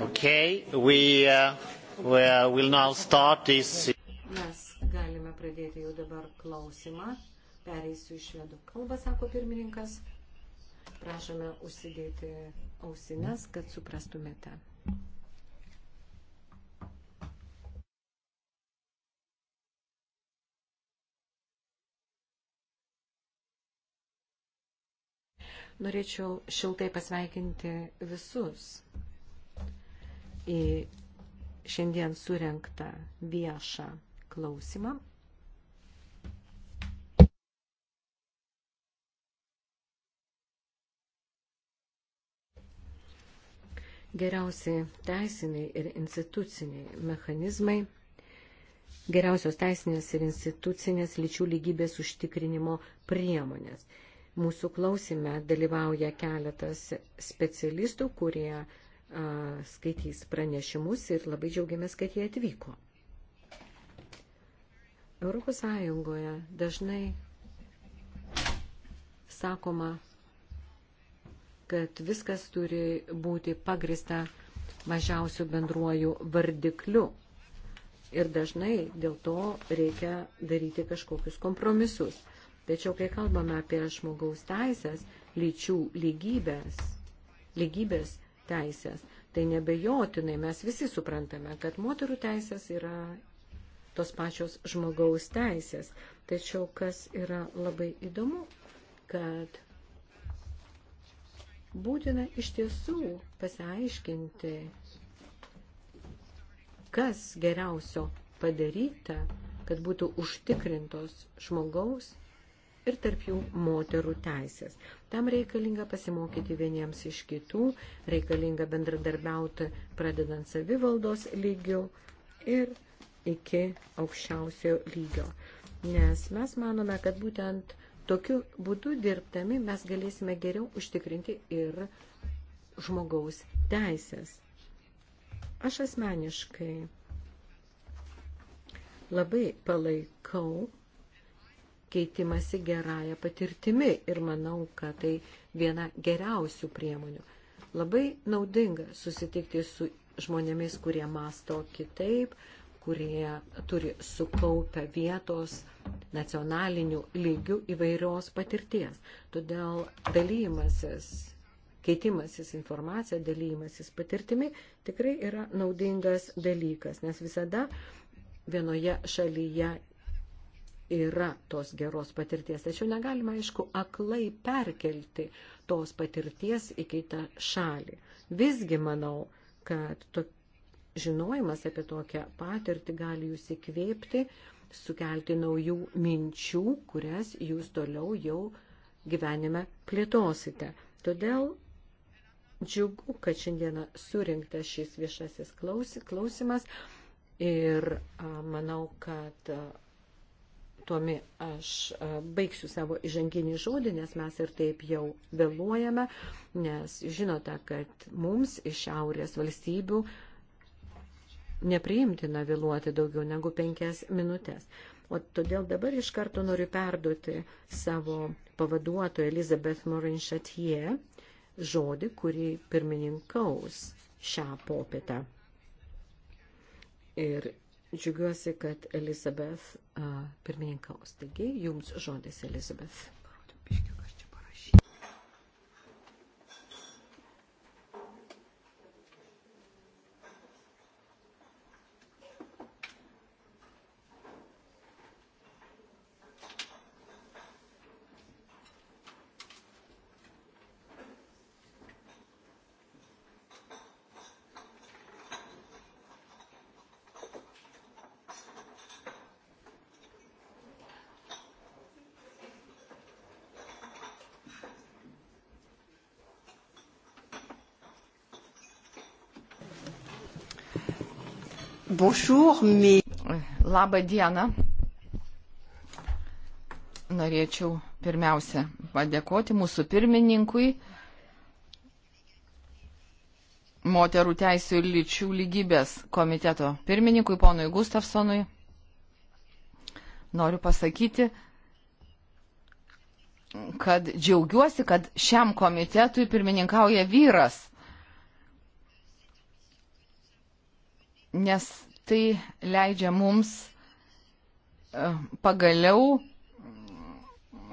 Okay, we, uh, we uh, will now start this. Mes galime pradėti jau dabar klausimą. Pereisiu iš švedų kalbą, sako pirmininkas. Prašome užsidėti ausines, kad suprastumėte. Norėčiau šiltai pasveikinti visus į šiandien surenktą viešą klausimą. Geriausi teisiniai ir instituciniai mechanizmai geriausios teisinės ir institucinės lyčių lygybės užtikrinimo priemonės. Mūsų klausime dalyvauja keletas specialistų, kurie a, skaitys pranešimus ir labai džiaugiamės, kad jie atvyko. Europos Sąjungoje dažnai sakoma, kad viskas turi būti pagrista mažiausių bendruoju vardikliu. Ir dažnai dėl to reikia daryti kažkokius kompromisus. Tačiau, kai kalbame apie žmogaus teisės, lyčių lygybės, lygybės teisės, tai nebejotinai mes visi suprantame, kad moterų teisės yra tos pačios žmogaus teisės. Tačiau, kas yra labai įdomu, kad būtina iš tiesų pasiaiškinti, kas geriausio padaryta, kad būtų užtikrintos žmogaus ir tarp jų moterų teisės. Tam reikalinga pasimokyti vieniems iš kitų, reikalinga bendradarbiauti pradedant savivaldos lygių ir iki aukščiausio lygio. Nes mes manome, kad būtent tokiu būdu dirbtami mes galėsime geriau užtikrinti ir žmogaus teisės. Aš asmeniškai labai palaikau keitimasi gerąją patirtimi ir manau, kad tai viena geriausių priemonių. Labai naudinga susitikti su žmonėmis, kurie masto kitaip, kurie turi sukaupę vietos nacionalinių lygių įvairios patirties. Todėl dalymasis, keitimasis informacija, dalymasis patirtimi tikrai yra naudingas dalykas, nes visada vienoje šalyje yra tos geros patirties. Tačiau negalima, aišku, aklai perkelti tos patirties į kitą šalį. Visgi manau, kad to, žinojimas apie tokią patirtį gali jūs įkvėpti, sukelti naujų minčių, kurias jūs toliau jau gyvenime plėtosite. Todėl džiugu, kad šiandieną surinktas šis viešasis klausimas ir manau, kad tuomi aš e, baigsiu savo įžanginį žodį, nes mes ir taip jau vėluojame, nes žinote, kad mums iš šiaurės valstybių nepriimtina vėluoti daugiau negu penkias minutės. O todėl dabar iš karto noriu perduoti savo pavaduotoją Elizabeth Morin Chatie žodį, kurį pirmininkaus šią popietę. Ir Džiugiuosi, kad Elizabeth pirmininkaus. Taigi, jums žodis, Elizabeth. bonjour, mais... Labą dieną. Norėčiau pirmiausia padėkoti mūsų pirmininkui, moterų teisų ir lyčių lygybės komiteto pirmininkui, ponui Gustafsonui. Noriu pasakyti, kad džiaugiuosi, kad šiam komitetui pirmininkauja vyras nes tai leidžia mums e, pagaliau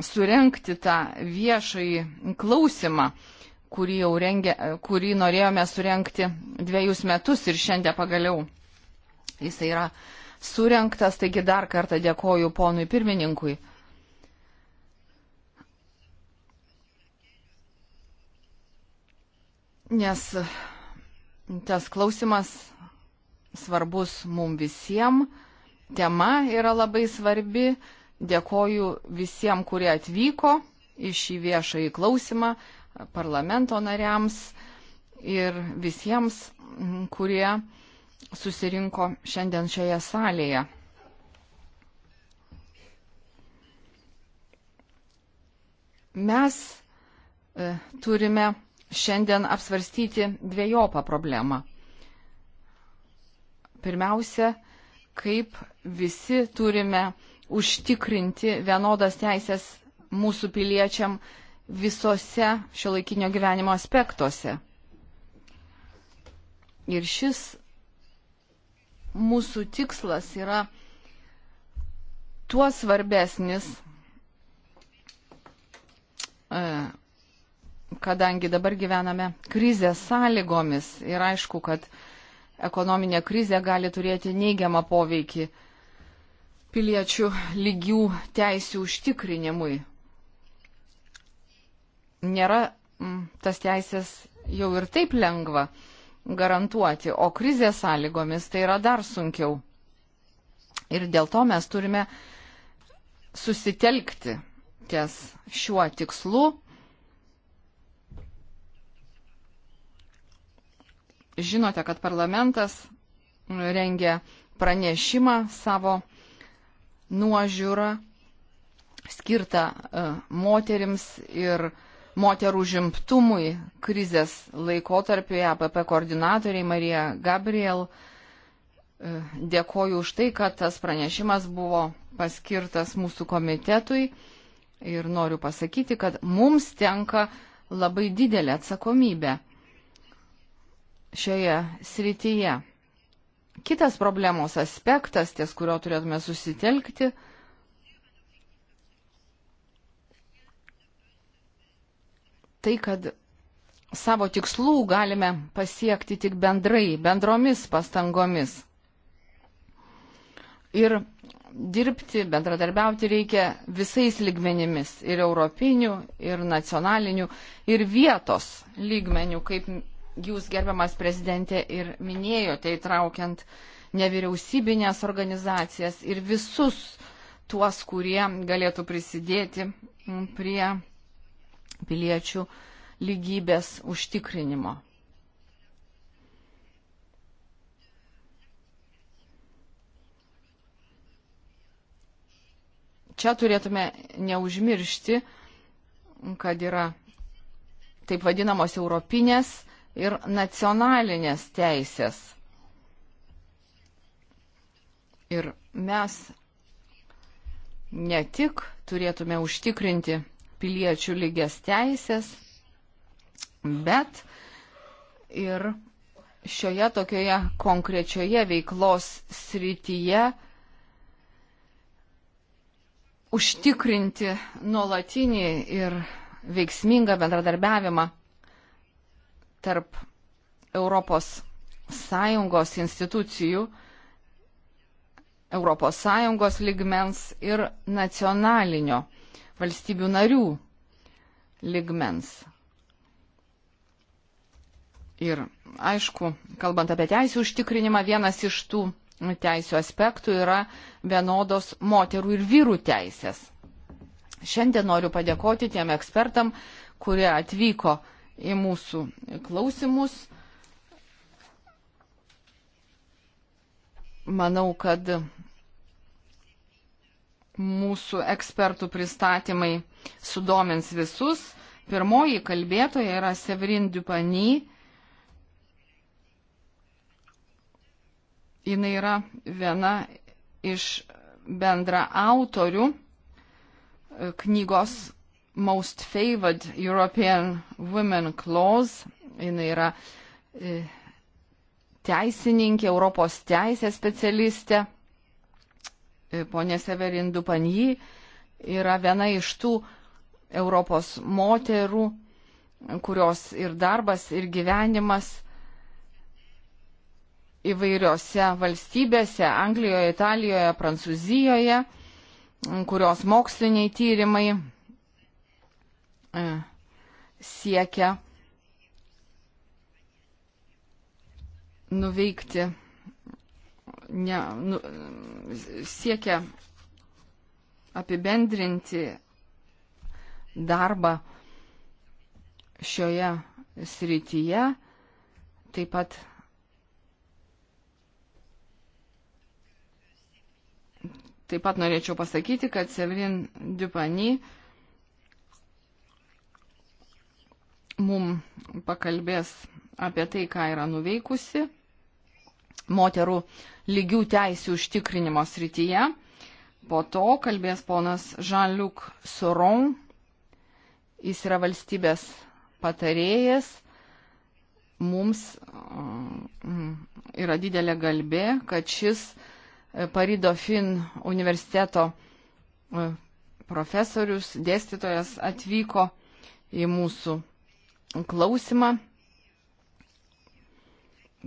surenkti tą viešai klausimą, kurį, rengė, e, kurį norėjome surenkti dviejus metus ir šiandien pagaliau jis yra surenktas, taigi dar kartą dėkoju ponui pirmininkui. Nes tas klausimas svarbus mums visiems, tema yra labai svarbi. Dėkoju visiems, kurie atvyko į šį viešąjį klausimą, parlamento nariams ir visiems, kurie susirinko šiandien šioje salėje. Mes e, turime šiandien apsvarstyti dviejopą problemą. Pirmiausia, kaip visi turime užtikrinti vienodas teisės mūsų piliečiam visose šiolaikinio gyvenimo aspektuose. Ir šis mūsų tikslas yra tuo svarbesnis, e, kadangi dabar gyvename krizės sąlygomis ir aišku, kad ekonominė krizė gali turėti neigiamą poveikį piliečių lygių teisių užtikrinimui. Nėra mm, tas teisės jau ir taip lengva garantuoti, o krizės sąlygomis tai yra dar sunkiau. Ir dėl to mes turime susitelkti ties šiuo tikslu žinote, kad parlamentas rengia pranešimą savo nuožiūrą skirtą e, moterims ir moterų žimtumui krizės laikotarpiu APP koordinatoriai Marija Gabriel. E, dėkoju už tai, kad tas pranešimas buvo paskirtas mūsų komitetui ir noriu pasakyti, kad mums tenka labai didelė atsakomybė šioje srityje. Kitas problemos aspektas, ties kurio turėtume susitelkti, tai, kad savo tikslų galime pasiekti tik bendrai, bendromis pastangomis. Ir dirbti, bendradarbiauti reikia visais lygmenimis - ir europinių, ir nacionalinių, ir vietos lygmenių, kaip jūs, gerbiamas prezidentė, ir minėjote įtraukiant nevyriausybinės organizacijas ir visus tuos, kurie galėtų prisidėti prie piliečių lygybės užtikrinimo. Čia turėtume neužmiršti, kad yra taip vadinamos europinės ir nacionalinės teisės. Ir mes ne tik turėtume užtikrinti piliečių lygias teisės, bet ir šioje tokioje konkrečioje veiklos srityje užtikrinti nuolatinį ir veiksmingą bendradarbiavimą tarp Europos Sąjungos institucijų, Europos Sąjungos ligmens ir nacionalinio valstybių narių ligmens. Ir aišku, kalbant apie teisų užtikrinimą, vienas iš tų teisų aspektų yra vienodos moterų ir vyrų teisės. Šiandien noriu padėkoti tiem ekspertam, kurie atvyko į mūsų klausimus. Manau, kad mūsų ekspertų pristatymai sudomins visus. Pirmoji kalbėtoja yra Severin Dupany. Jis yra viena iš bendra autorių knygos most favored European Women Clause. Jis yra e, teisininkė, Europos teisės specialistė. E, Pone Severin Dupanji yra viena iš tų Europos moterų, kurios ir darbas, ir gyvenimas įvairiose valstybėse - Anglijoje, Italijoje, Prancūzijoje, kurios moksliniai tyrimai E, siekia nuveikti, ne, nu, siekia apibendrinti darbą šioje srityje, taip pat Taip pat norėčiau pasakyti, kad Severin Dupany mum pakalbės apie tai, ką yra nuveikusi moterų lygių teisų užtikrinimo srityje. Po to kalbės ponas Jean-Luc Soron. Jis yra valstybės patarėjas. Mums mm, yra didelė galbė, kad šis e, Parido Fin universiteto e, profesorius, dėstytojas atvyko į mūsų klausimą.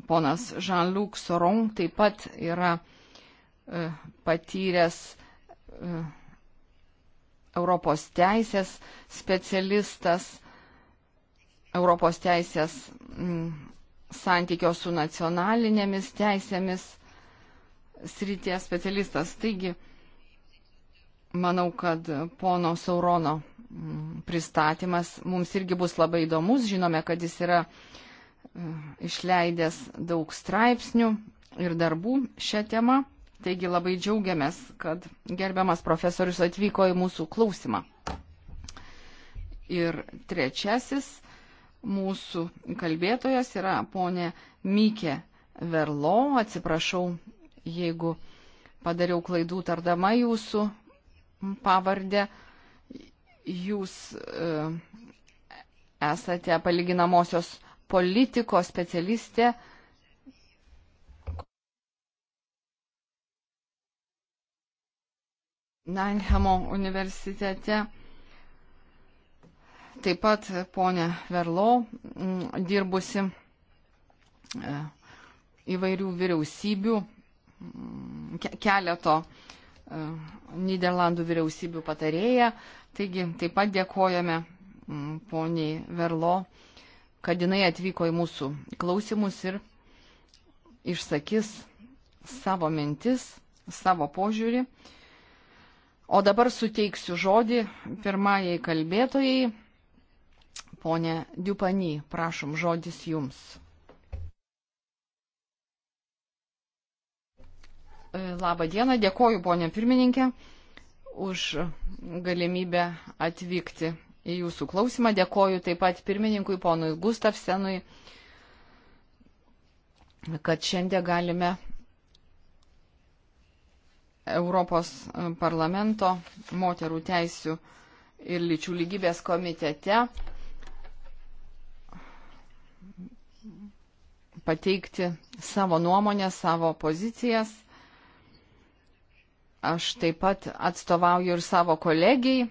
Ponas Jean-Luc Soron taip pat yra e, patyręs e, Europos teisės specialistas, Europos teisės santykio su nacionalinėmis teisėmis srities specialistas. Taigi, manau, kad pono Saurono Mm, pristatymas mums irgi bus labai įdomus. Žinome, kad jis yra e, išleidęs daug straipsnių ir darbų šią temą. Taigi labai džiaugiamės, kad gerbiamas profesorius atvyko į mūsų klausimą. Ir trečiasis mūsų kalbėtojas yra ponė Mykė Verlo. Atsiprašau, jeigu padariau klaidų tardama jūsų pavardę jūs e, esate palyginamosios politikos specialistė. Nainhamo universitete. Taip pat ponė Verlau, dirbusi e, įvairių vyriausybių, keleto Niderlandų vyriausybių patarėja. Taigi taip pat dėkojame mm, poniai Verlo, kad jinai atvyko į mūsų klausimus ir išsakys savo mintis, savo požiūrį. O dabar suteiksiu žodį pirmajai kalbėtojai. Pone Diupany, prašom žodis jums. E, labą dieną, dėkoju ponė pirmininkė už galimybę atvykti į jūsų klausimą. Dėkoju taip pat pirmininkui ponui Gustafsenui, kad šiandien galime Europos parlamento moterų teisių ir lyčių lygybės komitete pateikti savo nuomonę, savo pozicijas Aš taip pat atstovauju ir savo kolegijai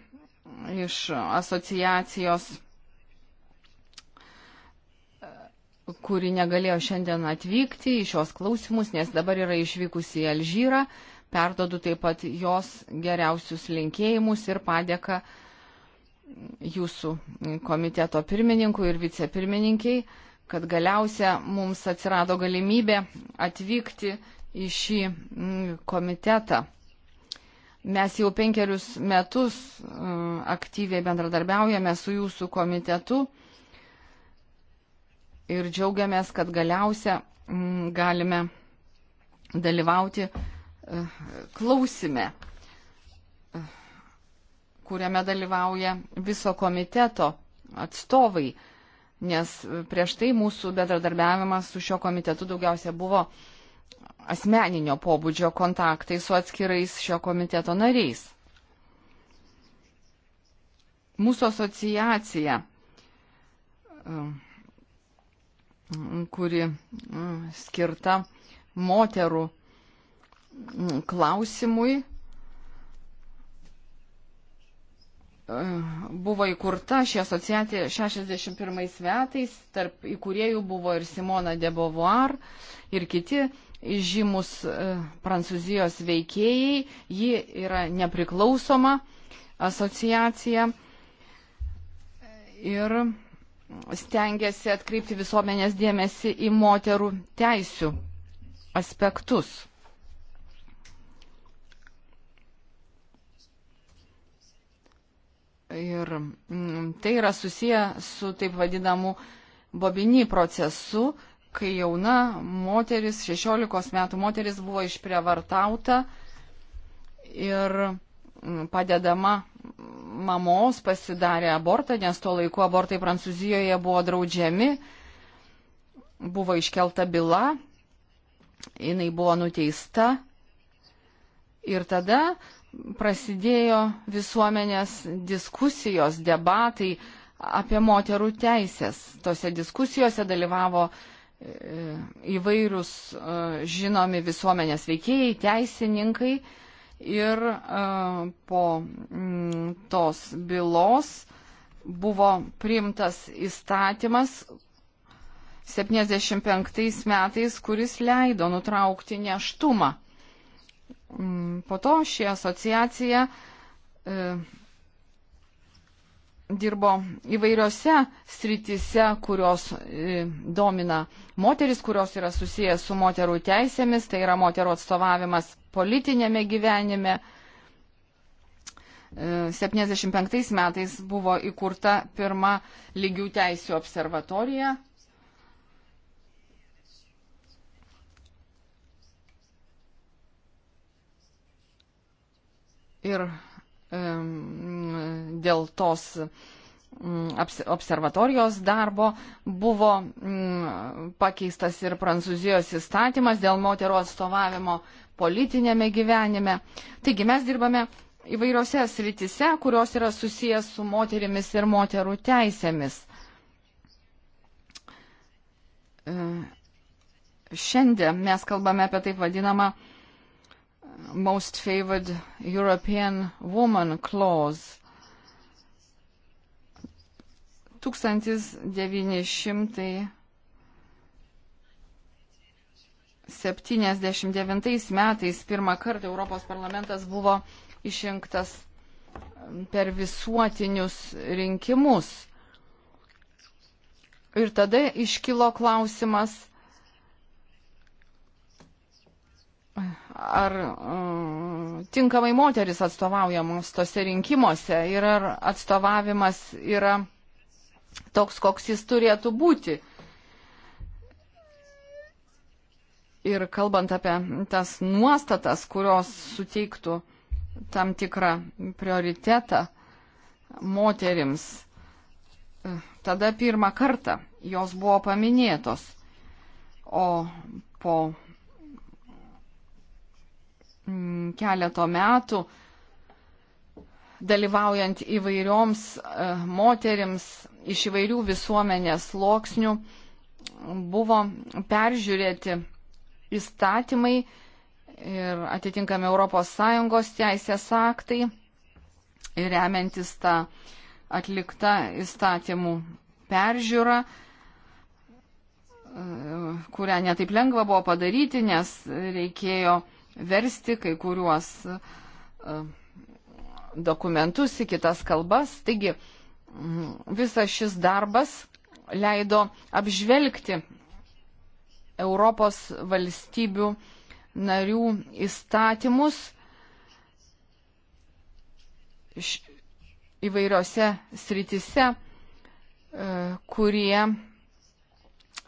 iš asociacijos, kuri negalėjo šiandien atvykti į šios klausimus, nes dabar yra išvykusi į Alžyrą. Perdodu taip pat jos geriausius linkėjimus ir padėką jūsų komiteto pirmininkui ir vicepirmininkiai, kad galiausia mums atsirado galimybė atvykti į šį komitetą. Mes jau penkerius metus mm, aktyviai bendradarbiaujame su jūsų komitetu ir džiaugiamės, kad galiausia mm, galime dalyvauti eh, klausime, eh, kuriame dalyvauja viso komiteto atstovai, nes eh, prieš tai mūsų bendradarbiavimas su šio komitetu daugiausia buvo uh, asmeninio pobūdžio kontaktai su atskirais šio komiteto nariais. Mūsų asociacija, um, kuri um, skirta moterų um, klausimui, buvo įkurta ši asociacija 61 metais, tarp įkūrėjų buvo ir Simona Debovoir ir kiti žymus e, Prancūzijos veikėjai, ji yra nepriklausoma asociacija ir stengiasi atkreipti visuomenės dėmesį į moterų teisių aspektus. Ir mm, tai yra susiję su taip vadinamu Bobini procesu, kai jauna moteris, 16 metų moteris buvo išprievartauta ir mm, padedama mamos pasidarė abortą, nes tuo laiku abortai Prancūzijoje buvo draudžiami, buvo iškelta byla, jinai buvo nuteista ir tada prasidėjo visuomenės diskusijos, debatai apie moterų teisės. Tose diskusijose dalyvavo uh, įvairūs e, žinomi visuomenės veikėjai, teisininkai ir e, po mm, tos bylos buvo priimtas įstatymas 75 metais, kuris leido nutraukti neštumą. Mm, po to ši asociacija e, dirbo įvairiose sritise, kurios e, domina moteris, kurios yra susijęs su moterų teisėmis, tai yra moterų atstovavimas politinėme gyvenime. 75 e, metais buvo įkurta pirma lygių teisų observatorija. Ir dėl tos mm, observatorijos darbo buvo mm, pakeistas ir Prancūzijos įstatymas dėl moterų atstovavimo politinėme gyvenime. Taigi mes dirbame įvairiose sritise, kurios yra susijęs su moterimis ir moterų teisėmis. Šiandien mes kalbame apie taip vadinamą most favored European woman clause. 1979 metais pirmą kartą Europos parlamentas buvo išrinktas um, per visuotinius rinkimus. Ir tada iškilo klausimas, ar uh, tinkamai moteris atstovaujamos tose rinkimuose ir ar atstovavimas yra toks, koks jis turėtų būti. Ir kalbant apie tas nuostatas, kurios suteiktų tam tikrą prioritetą moterims, e, tada pirmą kartą jos buvo paminėtos, o po Mm, keleto metų, dalyvaujant įvairioms e, moterims iš įvairių visuomenės sluoksnių, buvo peržiūrėti įstatymai ir atitinkami ES teisės aktai ir remiantis tą atliktą įstatymų peržiūrą e, kurią netaip lengva buvo padaryti, nes reikėjo uh, versti kai kuriuos e, dokumentus į kitas kalbas. Taigi visas šis darbas leido apžvelgti Europos valstybių narių įstatymus įvairiose sritise, e, kurie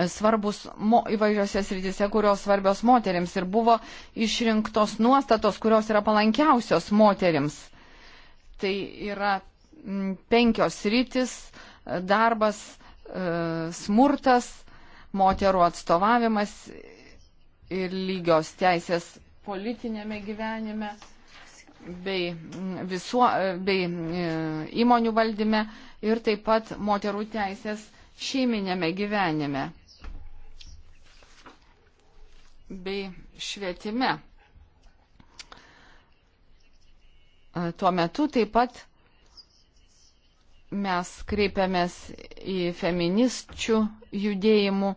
svarbus mo, įvairiose srityse, kurios svarbios moteriams ir buvo išrinktos nuostatos, kurios yra palankiausios moteriams. Tai yra penkios sritis - darbas, e, smurtas, moterų atstovavimas ir lygios teisės politinėme gyvenime bei, visuo, e, bei e, įmonių valdyme ir taip pat moterų teisės šeiminėme gyvenime bei švietime. E, tuo metu taip pat mes kreipiamės į feministių judėjimų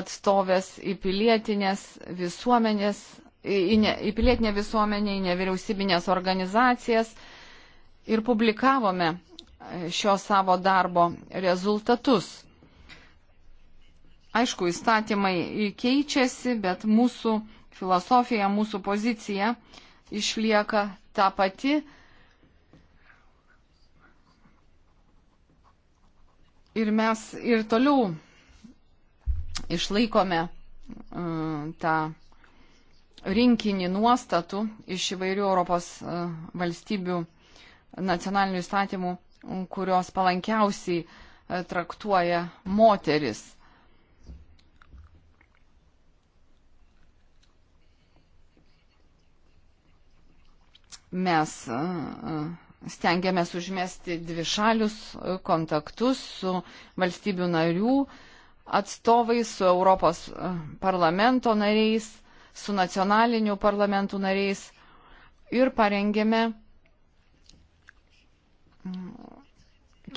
atstovės, į pilietinės visuomenės, į, ne, į pilietinę visuomenę, į nevyriausybinės organizacijas ir publikavome šio savo darbo rezultatus. Aišku, įstatymai keičiasi, bet mūsų filosofija, mūsų pozicija išlieka ta pati. Ir mes ir toliau išlaikome uh, tą rinkinį nuostatų iš įvairių Europos uh, valstybių nacionalinių įstatymų, kurios palankiausiai uh, traktuoja moteris. Mes stengiamės užmėsti dvišalius kontaktus su valstybių narių atstovais, su Europos parlamento nariais, su nacionalinių parlamentų nariais ir parengėme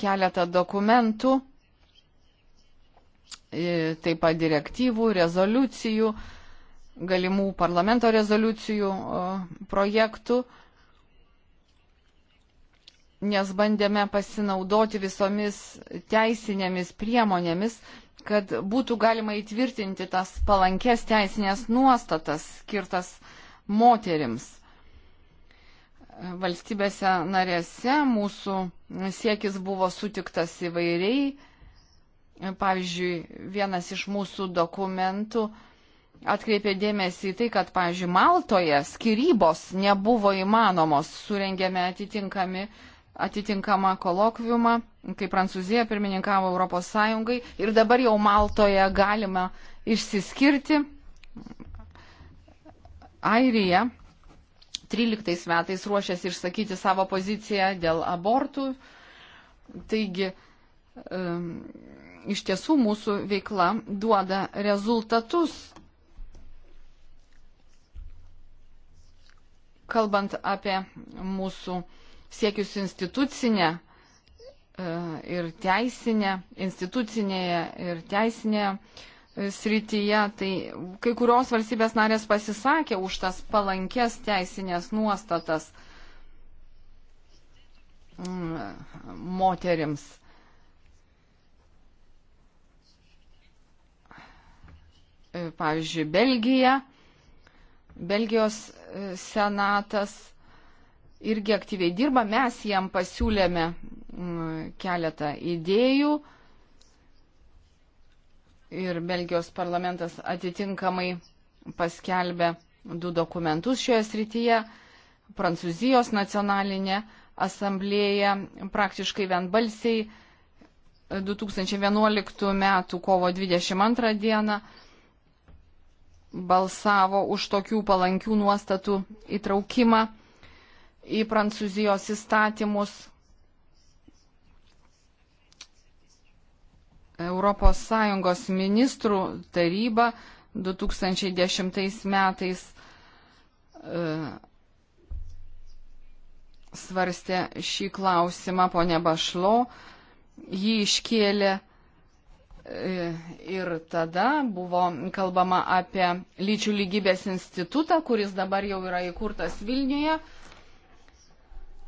keletą dokumentų, taip pat direktyvų, rezoliucijų, galimų parlamento rezoliucijų projektų nes bandėme pasinaudoti visomis teisinėmis priemonėmis, kad būtų galima įtvirtinti tas palankes teisinės nuostatas skirtas moterims. Valstybėse narėse mūsų siekis buvo sutiktas įvairiai. Pavyzdžiui, vienas iš mūsų dokumentų atkreipė dėmesį į tai, kad, pavyzdžiui, Maltoje skirybos nebuvo įmanomos, surengėme atitinkami uh, atitinkamą kolokviumą, kai Prancūzija pirmininkavo Europos Sąjungai ir dabar jau Maltoje galima išsiskirti. Airija 13 metais ruošiasi išsakyti savo poziciją dėl abortų. Taigi, iš tiesų mūsų veikla duoda rezultatus. Kalbant apie mūsų uh, siekius institucinę e, ir teisinę, institucinėje ir teisinėje e, srityje, tai kai kurios valstybės narės pasisakė už tas palankes teisinės nuostatas mm, moterims. E, pavyzdžiui, Belgija, Belgijos senatas irgi aktyviai dirba. Mes jam pasiūlėme mm, keletą idėjų ir Belgijos parlamentas atitinkamai paskelbė du dokumentus šioje srityje. Prancūzijos nacionalinė asamblėja praktiškai vienbalsiai 2011 m. kovo 22 d. balsavo už tokių palankių nuostatų įtraukimą į Prancūzijos įstatymus. ES ministrų taryba 2010 metais e, svarstė šį klausimą ponė Bašlo, jį iškėlė e, ir tada buvo kalbama apie lyčių lygybės institutą, kuris dabar jau yra įkurtas Vilniuje.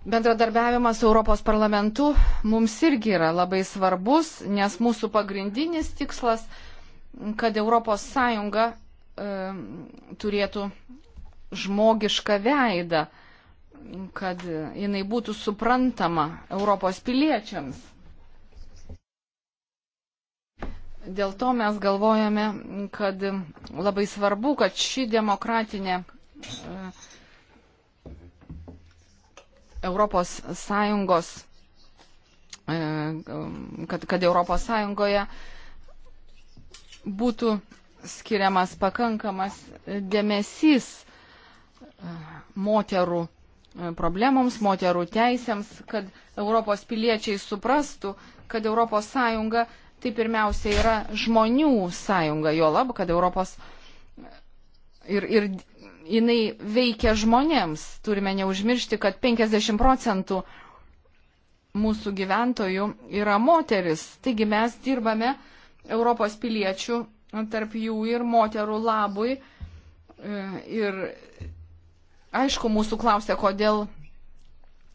Bendradarbiavimas su Europos parlamentu mums irgi yra labai svarbus, nes mūsų pagrindinis tikslas, kad Europos Sąjunga e, turėtų žmogišką veidą, kad jinai būtų suprantama Europos piliečiams. Dėl to mes galvojame, kad labai svarbu, kad ši demokratinė e, ES, e, kad, kad ES būtų skiriamas pakankamas dėmesys e, moterų e, problemoms, moterų teisėms, kad Europos piliečiai suprastų, kad ES tai pirmiausia yra žmonių sąjunga, jo lab, kad Europos ir, ir jinai veikia žmonėms. Turime neužmiršti, kad 50 procentų mūsų gyventojų yra moteris. Taigi mes dirbame Europos piliečių, nu, tarp jų ir moterų labui. E, ir aišku, mūsų klausia, kodėl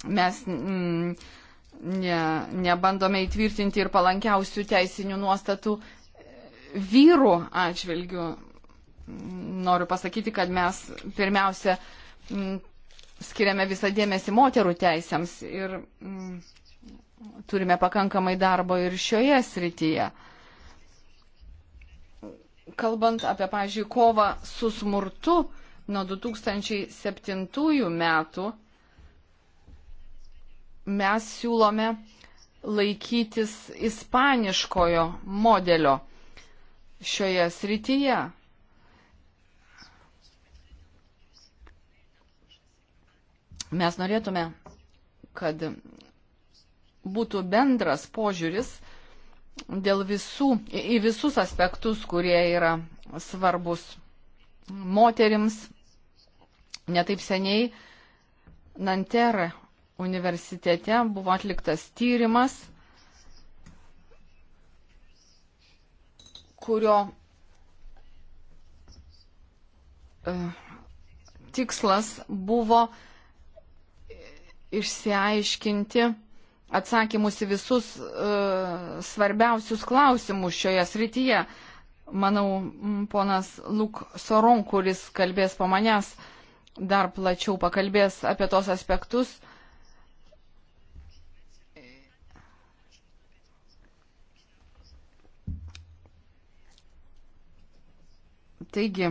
mes mm, ne, nebandome įtvirtinti ir palankiausių teisinių nuostatų vyrų atžvilgių noriu pasakyti, kad mes pirmiausia mm, skiriame visą dėmesį moterų teisėms ir mm, turime pakankamai darbo ir šioje srityje. Kalbant apie, pažiūrėjau, kovą su smurtu nuo 2007 metų, mes siūlome laikytis ispaniškojo modelio šioje srityje. Mes norėtume, kad būtų bendras požiūris dėl visų, į visus aspektus, kurie yra svarbus moterims. Netaip seniai Nanterre universitete buvo atliktas tyrimas, kurio e, tikslas buvo išsiaiškinti atsakymus į visus uh, svarbiausius klausimus šioje srityje. Manau, ponas Luk Soron, kuris kalbės po manęs, dar plačiau pakalbės apie tos aspektus. Taigi,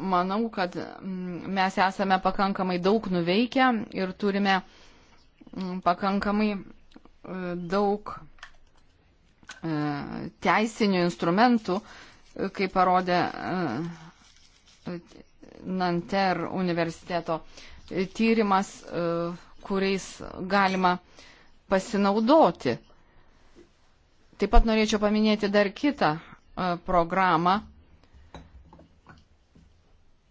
manau, kad mm, mes esame pakankamai daug nuveikę ir turime mm, pakankamai e, daug e, teisinių instrumentų, e, kaip parodė Nanter universiteto tyrimas, kuriais galima pasinaudoti. Taip pat norėčiau paminėti dar kitą programą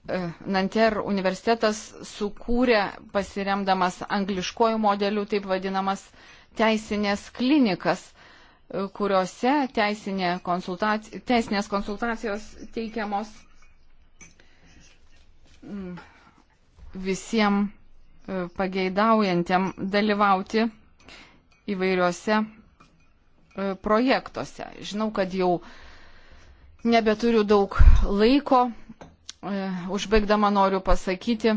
E, Nanter universitetas sukūrė, pasiremdamas angliškojų modelių, taip vadinamas teisinės klinikas, e, kuriuose teisinė konsultac... teisinės konsultacijos teikiamos mm, visiems e, pageidaujantiem dalyvauti įvairiuose projektuose. Žinau, kad jau nebeturiu daug laiko E, užbaigdama noriu pasakyti,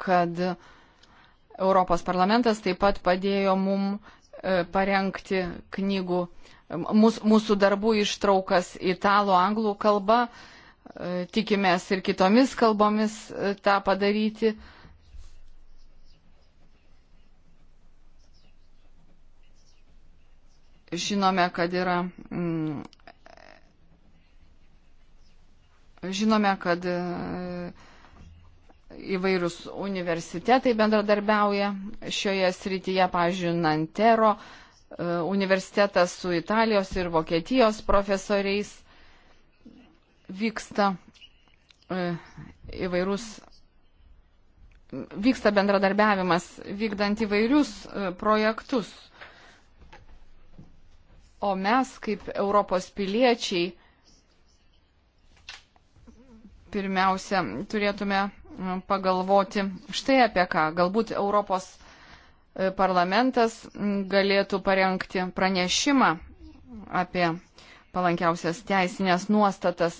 kad Europos parlamentas taip pat padėjo mum e, parengti knygų, mūsų darbų ištraukas italų, anglų kalba. E, tikimės ir kitomis kalbomis tą padaryti. Žinome, kad yra Žinome, kad e, įvairūs universitetai bendradarbiauja šioje srityje, pavyzdžiui, Nantero e, universitetas su Italijos ir Vokietijos profesoriais vyksta e, įvairūs vyksta bendradarbiavimas vykdant įvairius projektus. O mes kaip Europos piliečiai pirmiausia, turėtume e, pagalvoti štai apie ką. Galbūt Europos e, parlamentas galėtų parengti pranešimą apie palankiausias teisinės nuostatas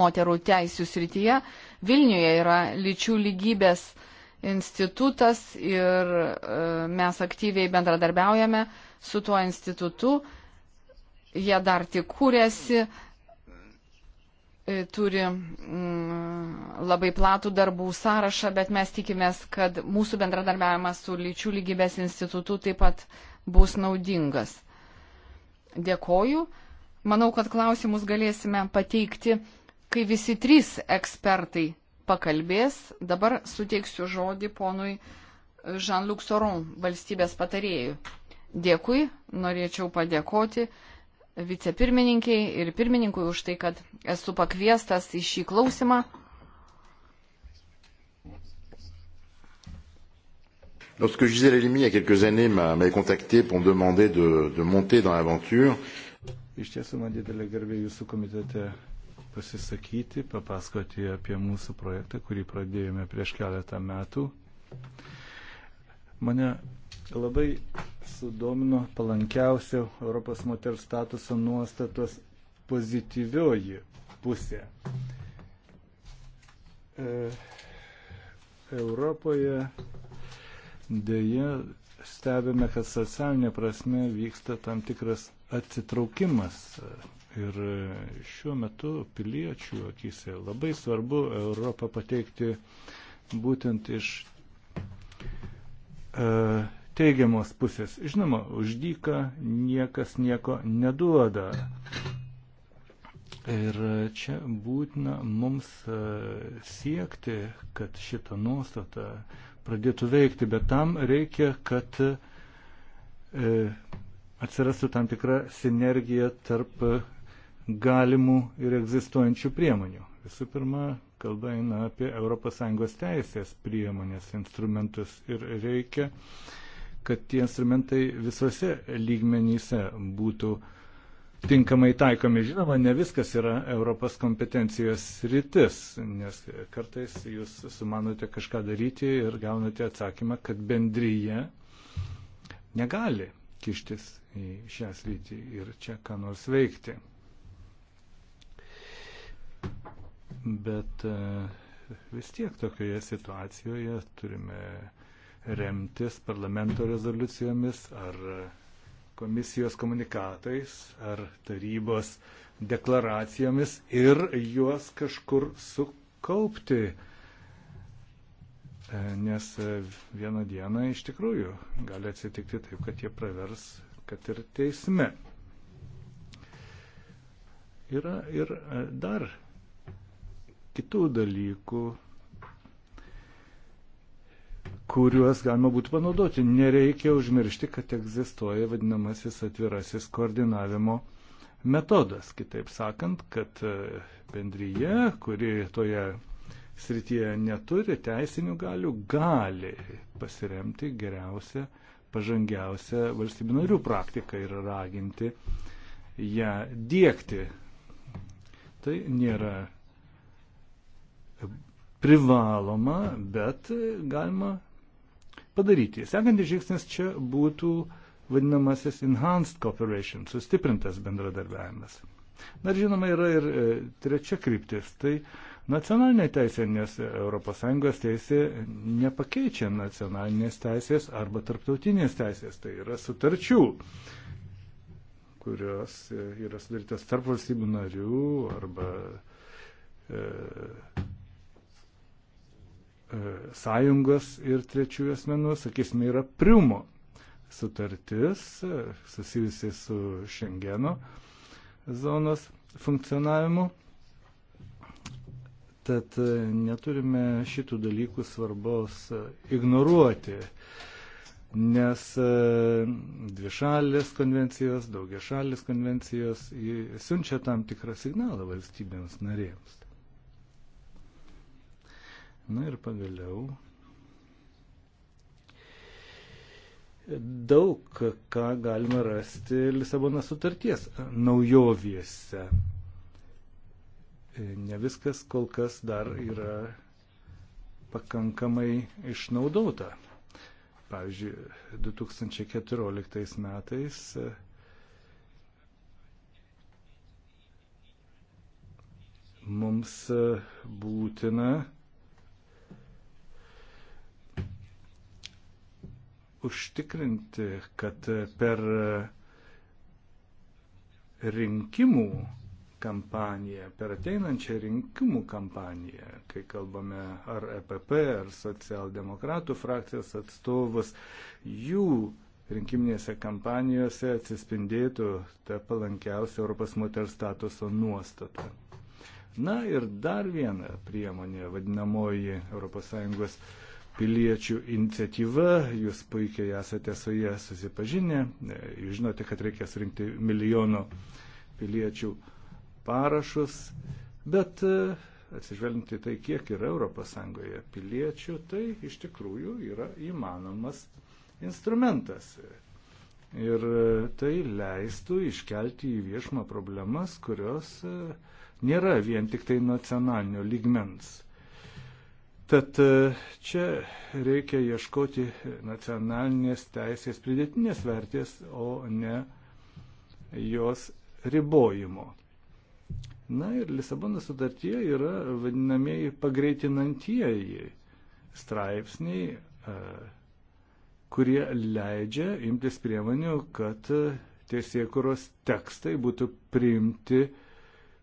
moterų teisų srityje. Vilniuje yra lyčių lygybės institutas ir e, mes aktyviai bendradarbiaujame su tuo institutu. Jie dar tik kūrėsi, E, turi mm, labai platų darbų sąrašą, bet mes tikimės, kad mūsų bendradarbiavimas su lyčių lygybės institutu taip pat bus naudingas. Dėkoju. Manau, kad klausimus galėsime pateikti, kai visi trys ekspertai pakalbės. Dabar suteiksiu žodį ponui Jean-Luc Soron, valstybės patarėjui. Dėkui, norėčiau padėkoti vicepirmininkiai ir pirmininkui už tai, kad esu pakviestas į šį klausimą. Lorsque Gisèle Halimi, il y a quelques années, m'avait contacté pour me demander de, de monter dans l'aventure. Iš tiesų, man didelė garbė jūsų komitete pasisakyti, papasakoti apie mūsų projektą, kurį pradėjome prieš keletą metų. Mane labai sudomino palankiausio Europos moters statuso nuostatos pozityvioji pusė. E, Europoje dėja stebime, kad socialinė prasme vyksta tam tikras atsitraukimas. Ir šiuo metu piliečių akise labai svarbu Europą pateikti būtent iš e, teigiamos pusės. Žinoma, už dyką niekas nieko neduoda. Ir čia būtina mums e, siekti, kad šitą nuostatą pradėtų veikti, bet tam reikia, kad e, atsirastų tam tikra sinergija tarp galimų ir egzistuojančių priemonių. Visų pirma, kalba eina apie ES teisės priemonės instrumentus ir reikia uh, kad tie instrumentai visose lygmenyse būtų tinkamai taikomi. Žinoma, ne viskas yra Europos kompetencijos rytis, nes kartais jūs sumanote kažką daryti ir gaunate atsakymą, kad bendryje negali kištis į šią sritį ir čia ką nors veikti. Bet e, vis tiek tokioje situacijoje turime remtis parlamento rezoliucijomis ar komisijos komunikatais ar tarybos deklaracijomis ir juos kažkur sukaupti. Nes vieną dieną iš tikrųjų gali atsitikti taip, kad jie pravers, kad ir teisme. Yra ir dar kitų dalykų, kuriuos galima būtų panaudoti. Nereikia užmiršti, kad egzistuoja vadinamasis atvirasis koordinavimo metodas. Kitaip sakant, kad e, bendryje, kuri toje srityje neturi teisinių galių, gali pasiremti geriausią, pažangiausią valstybių narių praktiką ir raginti ją dėkti. Tai nėra privaloma, bet galima padaryti. Sekantis žingsnis čia būtų vadinamasis enhanced cooperation, sustiprintas bendradarbiavimas. Dar žinoma yra ir e, trečia kryptis, tai nacionalinė teisė, nes ES teisė nepakeičia nacionalinės teisės arba tarptautinės teisės, tai yra sutarčių, kurios e, yra sudarytas tarp valstybių narių arba e, E, sąjungos ir trečiųjų asmenų, sakysime, yra priumo sutartis e, susijusi su Šengeno zonos funkcionavimu. Tad e, neturime šitų dalykų svarbos ignoruoti, nes dvišalės konvencijos, daugiašalės konvencijos siunčia tam tikrą signalą valstybėms narėms. Na ir pagaliau. Daug ką galima rasti Lisabono sutarties naujoviese. Ne viskas kol kas dar yra pakankamai išnaudota. Pavyzdžiui, 2014 metais mums būtina užtikrinti, kad per rinkimų kampaniją, per ateinančią rinkimų kampaniją, kai kalbame ar EPP, ar socialdemokratų frakcijos atstovus, jų rinkiminėse kampanijose atsispindėtų ta palankiausia Europos moters statuso nuostata. Na ir dar viena priemonė, vadinamoji ES piliečių iniciatyva, jūs puikiai esate su jie susipažinę, jūs žinote, kad reikia surinkti milijono piliečių parašus, bet e, atsižvelginti tai, kiek yra ES piliečių, tai iš tikrųjų yra įmanomas instrumentas. Ir e, tai leistų iškelti į viešumą problemas, kurios e, nėra vien tik tai nacionalinio lygmens. Tad e, čia reikia ieškoti nacionalinės teisės pridėtinės vertės, o ne jos ribojimo. Na ir Lisabono sutartyje yra vadinamieji pagreitinantieji straipsniai, e, kurie leidžia imtis priemonių, kad e, tiesiekuros tekstai būtų priimti uh,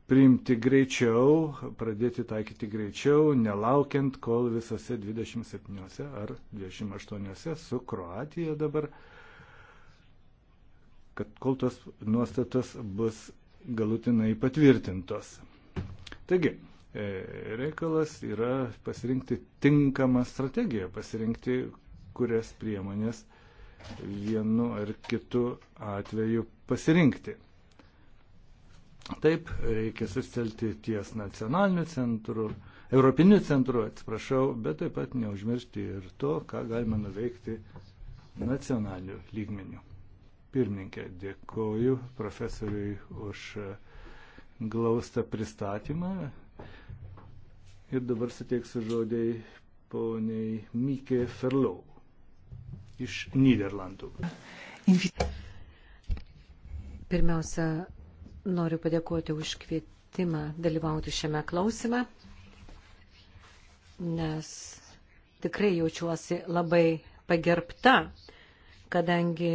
priimti greičiau, pradėti taikyti greičiau, nelaukiant, kol visose 27 ar 28 su Kroatija dabar, kad kol tos nuostatos bus galutinai patvirtintos. Taigi, e, reikalas yra pasirinkti tinkamą strategiją, pasirinkti, kurias priemonės vienu ar kitu atveju pasirinkti. Taip, reikia sustelti ties nacionaliniu centru, europiniu centru, atsiprašau, bet taip pat neužmiršti ir to, ką galima nuveikti nacionaliniu lygmeniu. Pirmininkė, dėkoju profesoriui už glaustą pristatymą ir dabar suteiksiu žodžiai poniai Mykė Ferlau iš Niderlandų. Pirmiausia, Noriu padėkoti už kvietimą dalyvauti šiame klausime, nes tikrai jaučiuosi labai pagerbta, kadangi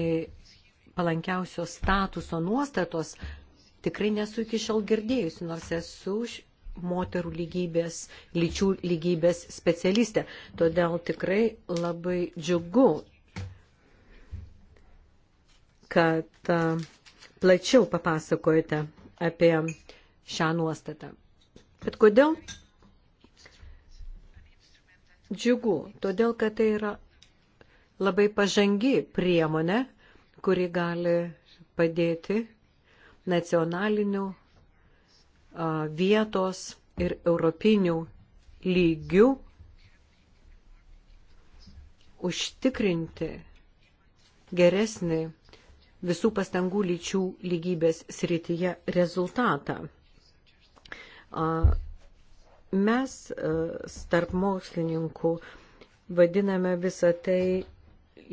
palankiausios statuso nuostatos tikrai nesu iki šiol girdėjusi, nors esu moterų lygybės, lyčių lygybės specialistė. Todėl tikrai labai džiugu, kad uh, plačiau papasakojate apie šią nuostatą. Bet kodėl? Džiugu, todėl, kad tai yra labai pažangi priemonė, kuri gali padėti nacionalinių vietos ir europinių lygių užtikrinti geresnį visų pastangų lyčių lygybės srityje rezultatą. Mes tarp mokslininkų vadiname visą tai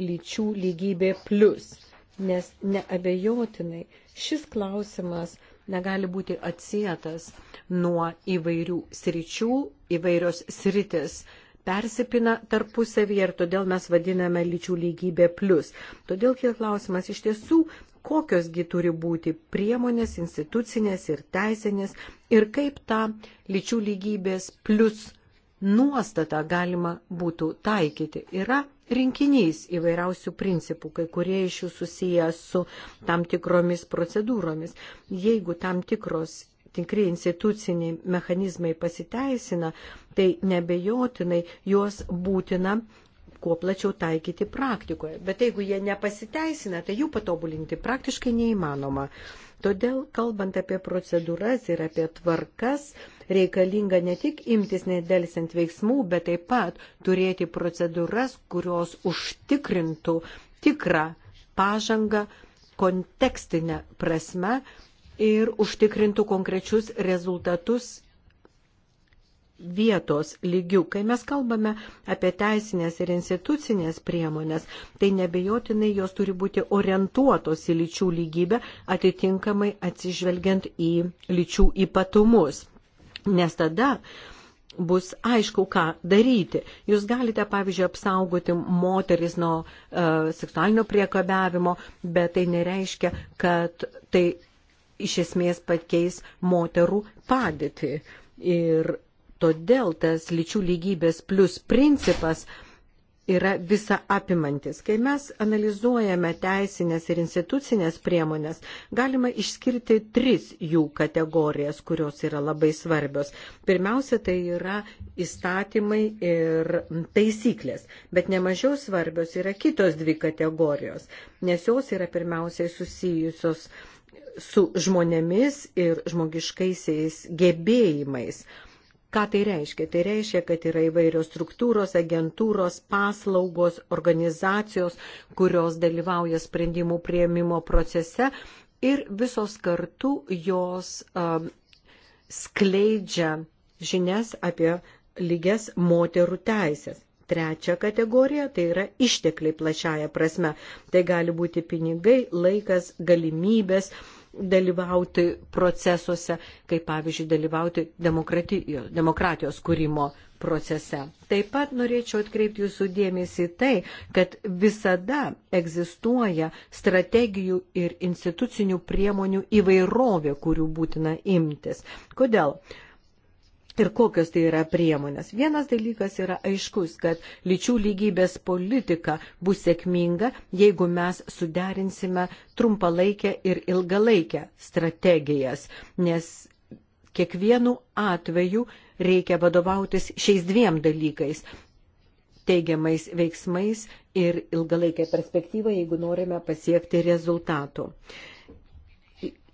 lyčių lygybė plus, nes neabejotinai šis klausimas negali būti atsietas nuo įvairių sričių, įvairios sritis persipina tarpusavyje ir todėl mes vadiname lyčių lygybė plus. Todėl kiek klausimas iš tiesų, kokiosgi turi būti priemonės institucinės ir teisinės ir kaip tą lyčių lygybės plus nuostatą galima būtų taikyti. Yra rinkinys įvairiausių principų, kai kurie iš jų susiję su tam tikromis procedūromis. Jeigu tam tikros tikri instituciniai mechanizmai pasiteisina, tai nebejotinai juos būtina kuo plačiau taikyti praktikoje. Bet jeigu jie nepasiteisina, tai jų patobulinti praktiškai neįmanoma. Todėl, kalbant apie procedūras ir apie tvarkas, reikalinga ne tik imtis nedelsiant veiksmų, bet taip pat turėti procedūras, kurios užtikrintų tikrą pažangą kontekstinę prasme ir užtikrintų konkrečius rezultatus vietos lygių. Kai mes kalbame apie teisinės ir institucinės priemonės, tai nebejotinai jos turi būti orientuotos į lyčių lygybę, atitinkamai atsižvelgiant į lyčių ypatumus. Nes tada bus aišku, ką daryti. Jūs galite, pavyzdžiui, apsaugoti moteris nuo e, seksualinio priekabiavimo, bet tai nereiškia, kad tai iš esmės pakeis moterų padėtį. Ir todėl tas lyčių lygybės plus principas yra visa apimantis. Kai mes analizuojame teisinės ir institucinės priemonės, galima išskirti tris jų kategorijas, kurios yra labai svarbios. Pirmiausia, tai yra įstatymai ir taisyklės, bet nemažiau svarbios yra kitos dvi kategorijos, nes jos yra pirmiausiai susijusios su žmonėmis ir žmogiškaisiais gebėjimais. Ką tai reiškia? Tai reiškia, kad yra įvairios struktūros, agentūros, paslaugos, organizacijos, kurios dalyvauja sprendimų prieimimo procese ir visos kartu jos um, skleidžia žinias apie lygias moterų teisės. Trečia kategorija tai yra ištekliai plačiaja prasme. Tai gali būti pinigai, laikas, galimybės, uh, dalyvauti procesuose, kaip pavyzdžiui dalyvauti demokratijos, demokratijos kūrimo procese. Taip pat norėčiau atkreipti jūsų dėmesį tai, kad visada egzistuoja strategijų ir institucinių priemonių įvairovė, kurių būtina imtis. Kodėl? Ir kokios tai yra priemonės. Vienas dalykas yra aiškus, kad lyčių lygybės politika bus sėkminga, jeigu mes suderinsime trumpalaikę ir ilgalaikę strategijas, nes kiekvienu atveju reikia vadovautis šiais dviem dalykais teigiamais veiksmais ir ilgalaikę perspektyvą, jeigu norime pasiekti rezultatų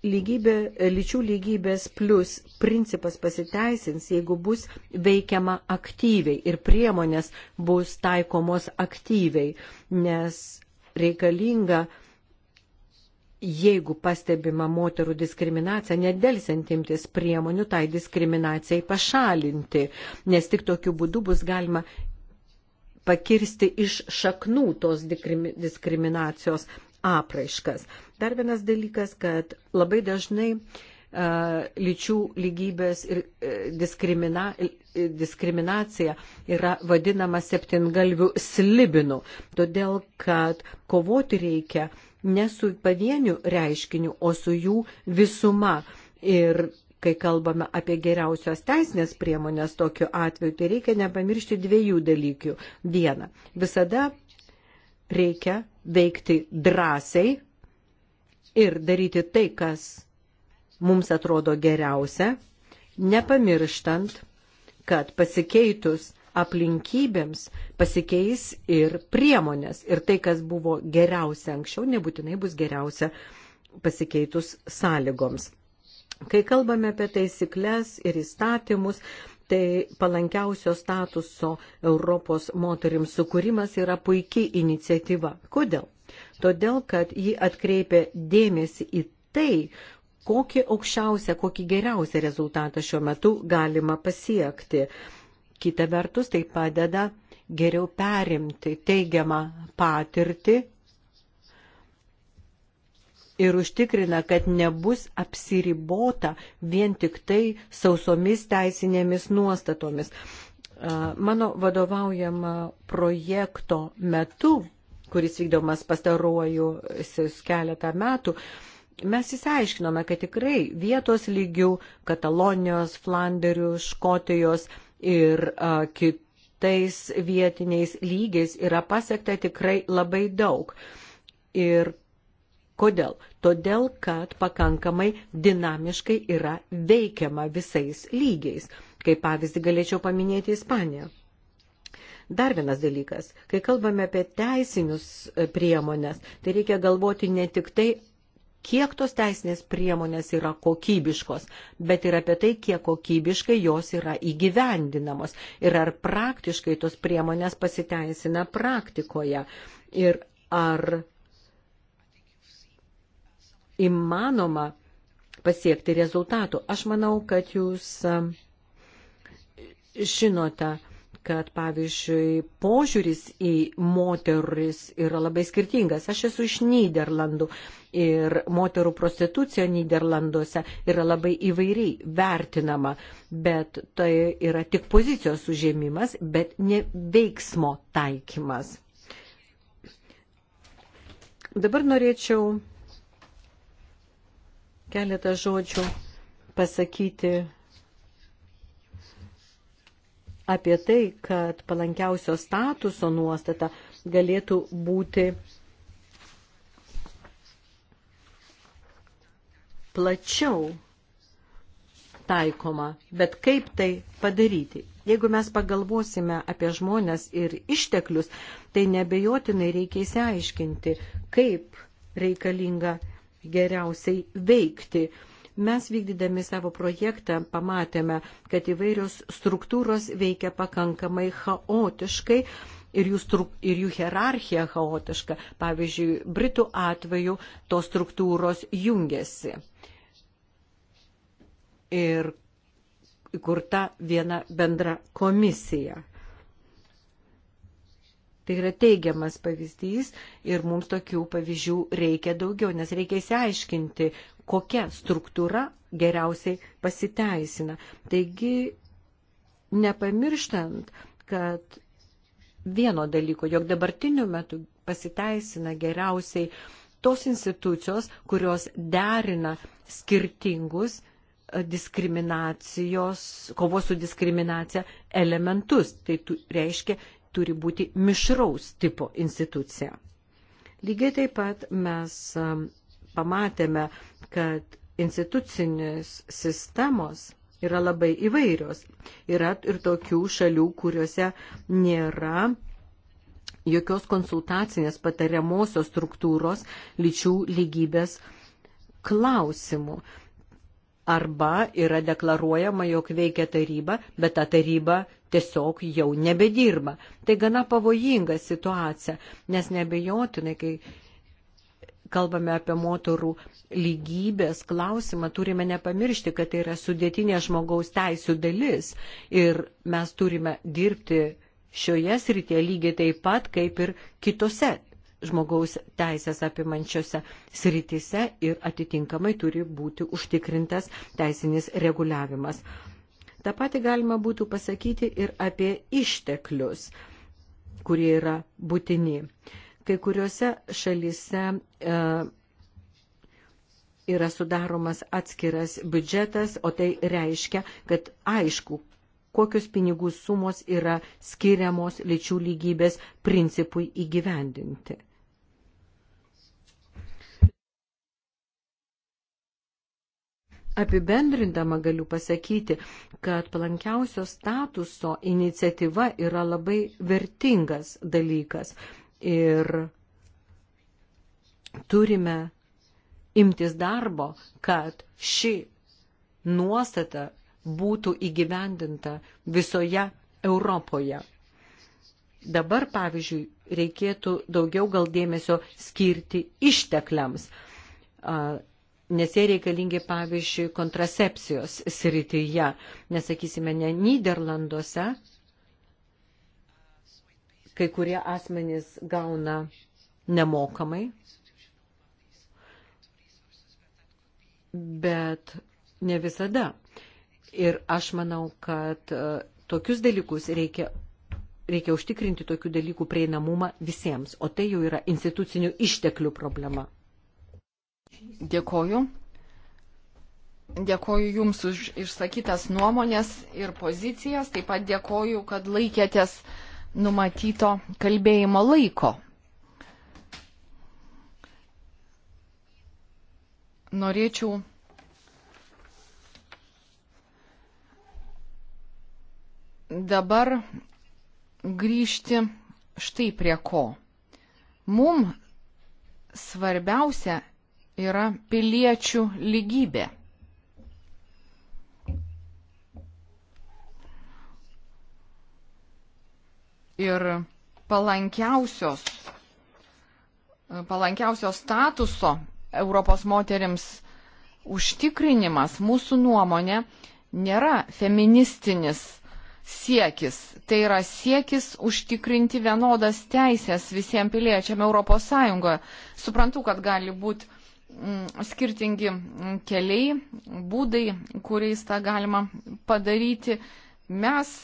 lygybė, lyčių lygybės plus principas pasiteisins, jeigu bus veikiama aktyviai ir priemonės bus taikomos aktyviai, nes reikalinga jeigu pastebima moterų diskriminacija, nedelsiant imtis priemonių tai diskriminacijai pašalinti, nes tik tokiu būdu bus galima pakirsti iš šaknų tos diskriminacijos apraiškas. Dar vienas dalykas, kad labai dažnai lyčių lygybės ir e, diskrimina, e, diskriminacija yra vadinama septingalvių slibinu, todėl kad kovoti reikia ne su pavieniu reiškiniu, o su jų visuma. Ir kai kalbame apie geriausios teisinės priemonės tokiu atveju, tai reikia nepamiršti dviejų dalykų. Viena, visada reikia veikti drąsiai, ir daryti tai, kas mums atrodo geriausia, nepamirštant, kad pasikeitus aplinkybėms pasikeis ir priemonės. Ir tai, kas buvo geriausia anksčiau, nebūtinai bus geriausia pasikeitus sąlygoms. Kai kalbame apie taisyklės ir įstatymus, tai palankiausio statuso Europos moterims sukūrimas yra puikiai iniciatyva. Kodėl? todėl kad ji atkreipia dėmesį į tai, kokį aukščiausią, kokį geriausią rezultatą šiuo metu galima pasiekti. Kita vertus, tai padeda geriau perimti teigiamą patirtį ir užtikrina, kad nebus apsiribota vien tik tai sausomis teisinėmis nuostatomis. Mano vadovaujama projekto metu kuris vykdomas pastaruoju keletą metų, mes įsiaiškinome, kad tikrai vietos lygių Katalonijos, Flanderių, Škotijos ir a, kitais vietiniais lygiais yra pasiekta tikrai labai daug. Ir Kodėl? Todėl, kad pakankamai dinamiškai yra veikiama visais lygiais. Kaip pavyzdį galėčiau paminėti Ispaniją. Dar vienas dalykas, kai kalbame apie teisinius e, priemonės, tai reikia galvoti ne tik tai, kiek tos teisinės priemonės yra kokybiškos, bet ir apie tai, kiek kokybiškai jos yra įgyvendinamos ir ar praktiškai tos priemonės pasiteisina praktikoje ir ar įmanoma pasiekti rezultatų. Aš manau, kad jūs e, žinote, kad, pavyzdžiui, požiūris į moteris yra labai skirtingas. Aš esu iš Niderlandų ir moterų prostitucija Niderlanduose yra labai įvairiai vertinama, bet tai yra tik pozicijos užėmimas, bet ne veiksmo taikymas. Dabar norėčiau keletą žodžių pasakyti apie tai, kad palankiausio statuso nuostata galėtų būti plačiau taikoma, bet kaip tai padaryti. Jeigu mes pagalvosime apie žmonės ir išteklius, tai nebejotinai reikia įsiaiškinti, kaip reikalinga geriausiai veikti. Mes vykdydami savo projektą pamatėme, kad įvairios struktūros veikia pakankamai chaotiškai ir jų, struk, ir jų hierarchija chaotiška. Pavyzdžiui, Britų atveju tos struktūros jungiasi. Ir įkurta viena bendra komisija. Tai yra teigiamas pavyzdys ir mums tokių pavyzdžių reikia daugiau, nes reikia įsiaiškinti, kokia struktūra geriausiai pasiteisina. Taigi, nepamirštant, kad vieno dalyko, jog dabartiniu metu pasiteisina geriausiai tos institucijos, kurios derina skirtingus e, diskriminacijos, kovos su diskriminacija elementus. Tai tu, reiškia, turi būti mišraus tipo institucija. Lygiai taip pat mes e, pamatėme, kad institucinės sistemos yra labai įvairios. Yra ir tokių šalių, kuriuose nėra jokios konsultacinės patariamosios struktūros lyčių lygybės klausimų. Arba yra deklaruojama, jog veikia taryba, bet ta taryba tiesiog jau nebedirba. Tai gana pavojinga situacija, nes nebejotinai, kai kalbame apie moterų lygybės klausimą, turime nepamiršti, kad tai yra sudėtinė žmogaus teisų dalis ir mes turime dirbti šioje srityje lygiai taip pat kaip ir kitose žmogaus teisės apimančiose srityse ir atitinkamai turi būti užtikrintas teisinis reguliavimas. Ta pati galima būtų pasakyti ir apie išteklius, kurie yra būtini. Kai kuriuose šalyse e, yra sudaromas atskiras biudžetas, o tai reiškia, kad aišku, kokios pinigų sumos yra skiriamos lyčių lygybės principui įgyvendinti. Apibendrindama galiu pasakyti, kad palankiausio statuso iniciatyva yra labai vertingas dalykas, ir turime imtis darbo, kad ši nuostata būtų įgyvendinta visoje Europoje. Dabar, pavyzdžiui, reikėtų daugiau gal dėmesio skirti ištekliams, nes jie reikalingi, pavyzdžiui, kontracepcijos srityje, nesakysime, ne Niderlanduose, Kai kurie asmenys gauna nemokamai, bet ne visada. Ir aš manau, kad e, tokius dalykus reikia, reikia užtikrinti tokių dalykų prieinamumą visiems, o tai jau yra institucinių išteklių problema. Dėkoju. Dėkoju Jums už išsakytas nuomonės ir pozicijas, taip pat dėkoju, kad laikėtės numatyto kalbėjimo laiko. Norėčiau dabar grįžti štai prie ko. Mums svarbiausia yra piliečių lygybė. ir palankiausios, palankiausios statuso Europos moterims užtikrinimas mūsų nuomonė nėra feministinis siekis. Tai yra siekis užtikrinti vienodas teisės visiems piliečiam Europos Sąjungoje. Suprantu, kad gali būti mm, skirtingi mm, keliai, būdai, kuriais tą galima padaryti. Mes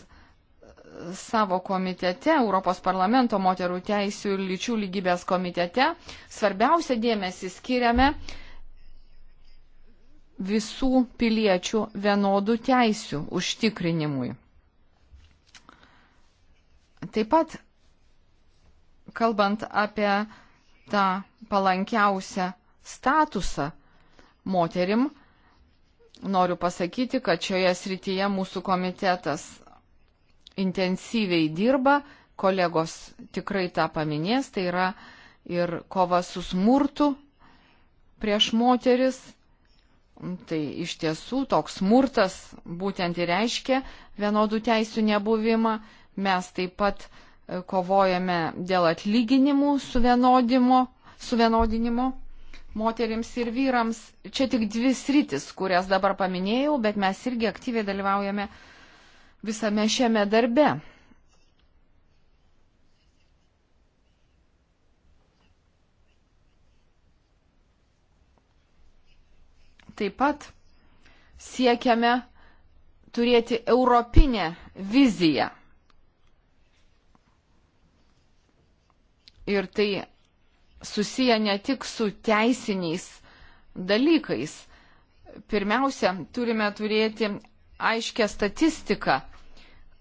savo komitete, Europos parlamento moterų teisų ir lyčių lygybės komitete, svarbiausia dėmesį skiriame visų piliečių vienodų teisių užtikrinimui. Taip pat, kalbant apie tą palankiausią statusą moterim, noriu pasakyti, kad šioje srityje mūsų komitetas intensyviai dirba, kolegos tikrai tą paminės, tai yra ir kova su smurtu prieš moteris. Tai iš tiesų toks smurtas būtent ir reiškia vienodų teisų nebuvimą. Mes taip pat e, kovojame dėl atlyginimų suvienodimo, suvienodinimo moterims ir vyrams. Čia tik dvi sritis, kurias dabar paminėjau, bet mes irgi aktyviai dalyvaujame uh, visame šiame darbe. Taip pat siekiame turėti europinę viziją. Ir tai susiję ne tik su teisiniais dalykais. Pirmiausia, turime turėti aiškę statistiką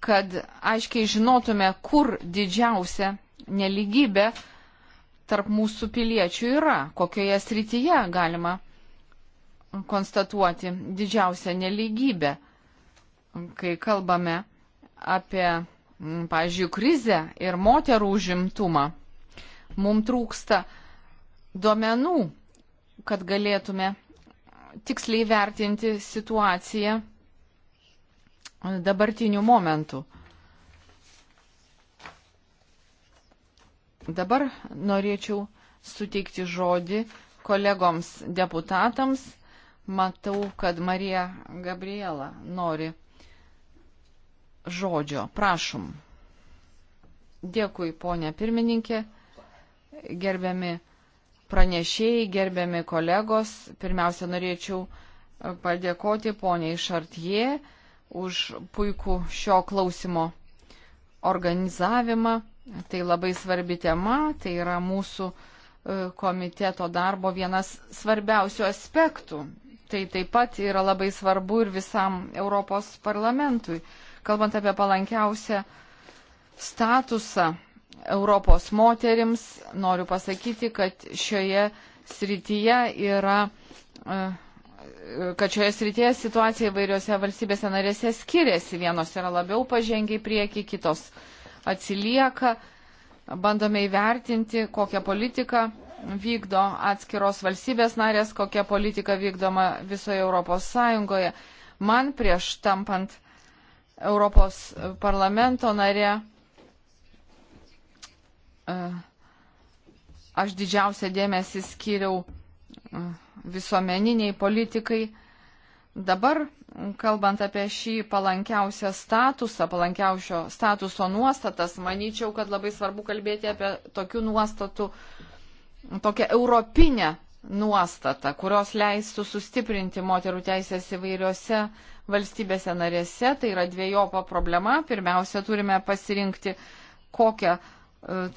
kad aiškiai žinotume, kur didžiausia neligybė tarp mūsų piliečių yra, kokioje srityje galima konstatuoti didžiausią neligybę, kai kalbame apie, pavyzdžiui, krizę ir moterų užimtumą. Mums trūksta duomenų, kad galėtume tiksliai vertinti situaciją dabartiniu momentu. Dabar norėčiau suteikti žodį kolegoms deputatams. Matau, kad Marija Gabriela nori žodžio. Prašom. Dėkui, ponė pirmininkė, gerbiami pranešėjai, gerbiami kolegos. Pirmiausia, norėčiau padėkoti poniai Šartie už puikų šio klausimo organizavimą. Tai labai svarbi tema, tai yra mūsų e, komiteto darbo vienas svarbiausių aspektų. Tai taip pat yra labai svarbu ir visam Europos parlamentui. Kalbant apie palankiausią statusą Europos moterims, noriu pasakyti, kad šioje srityje yra e, kad šioje srityje situacija įvairiose valstybėse narėse skiriasi. Vienos yra labiau pažengiai prieki, kitos atsilieka. Bandome įvertinti, kokią politiką vykdo atskiros valstybės narės, kokia politika vykdoma visoje Europos Sąjungoje. Man prieš tampant Europos parlamento narė, e, aš didžiausią dėmesį skiriau visuomeniniai politikai. Dabar, kalbant apie šį palankiausią statusą, palankiausio statuso nuostatas, manyčiau, kad labai svarbu kalbėti apie tokių nuostatų, tokią europinę nuostatą, kurios leistų sustiprinti moterų teisės įvairiose valstybėse narėse. Tai yra dviejopa problema. Pirmiausia, turime pasirinkti, kokią e,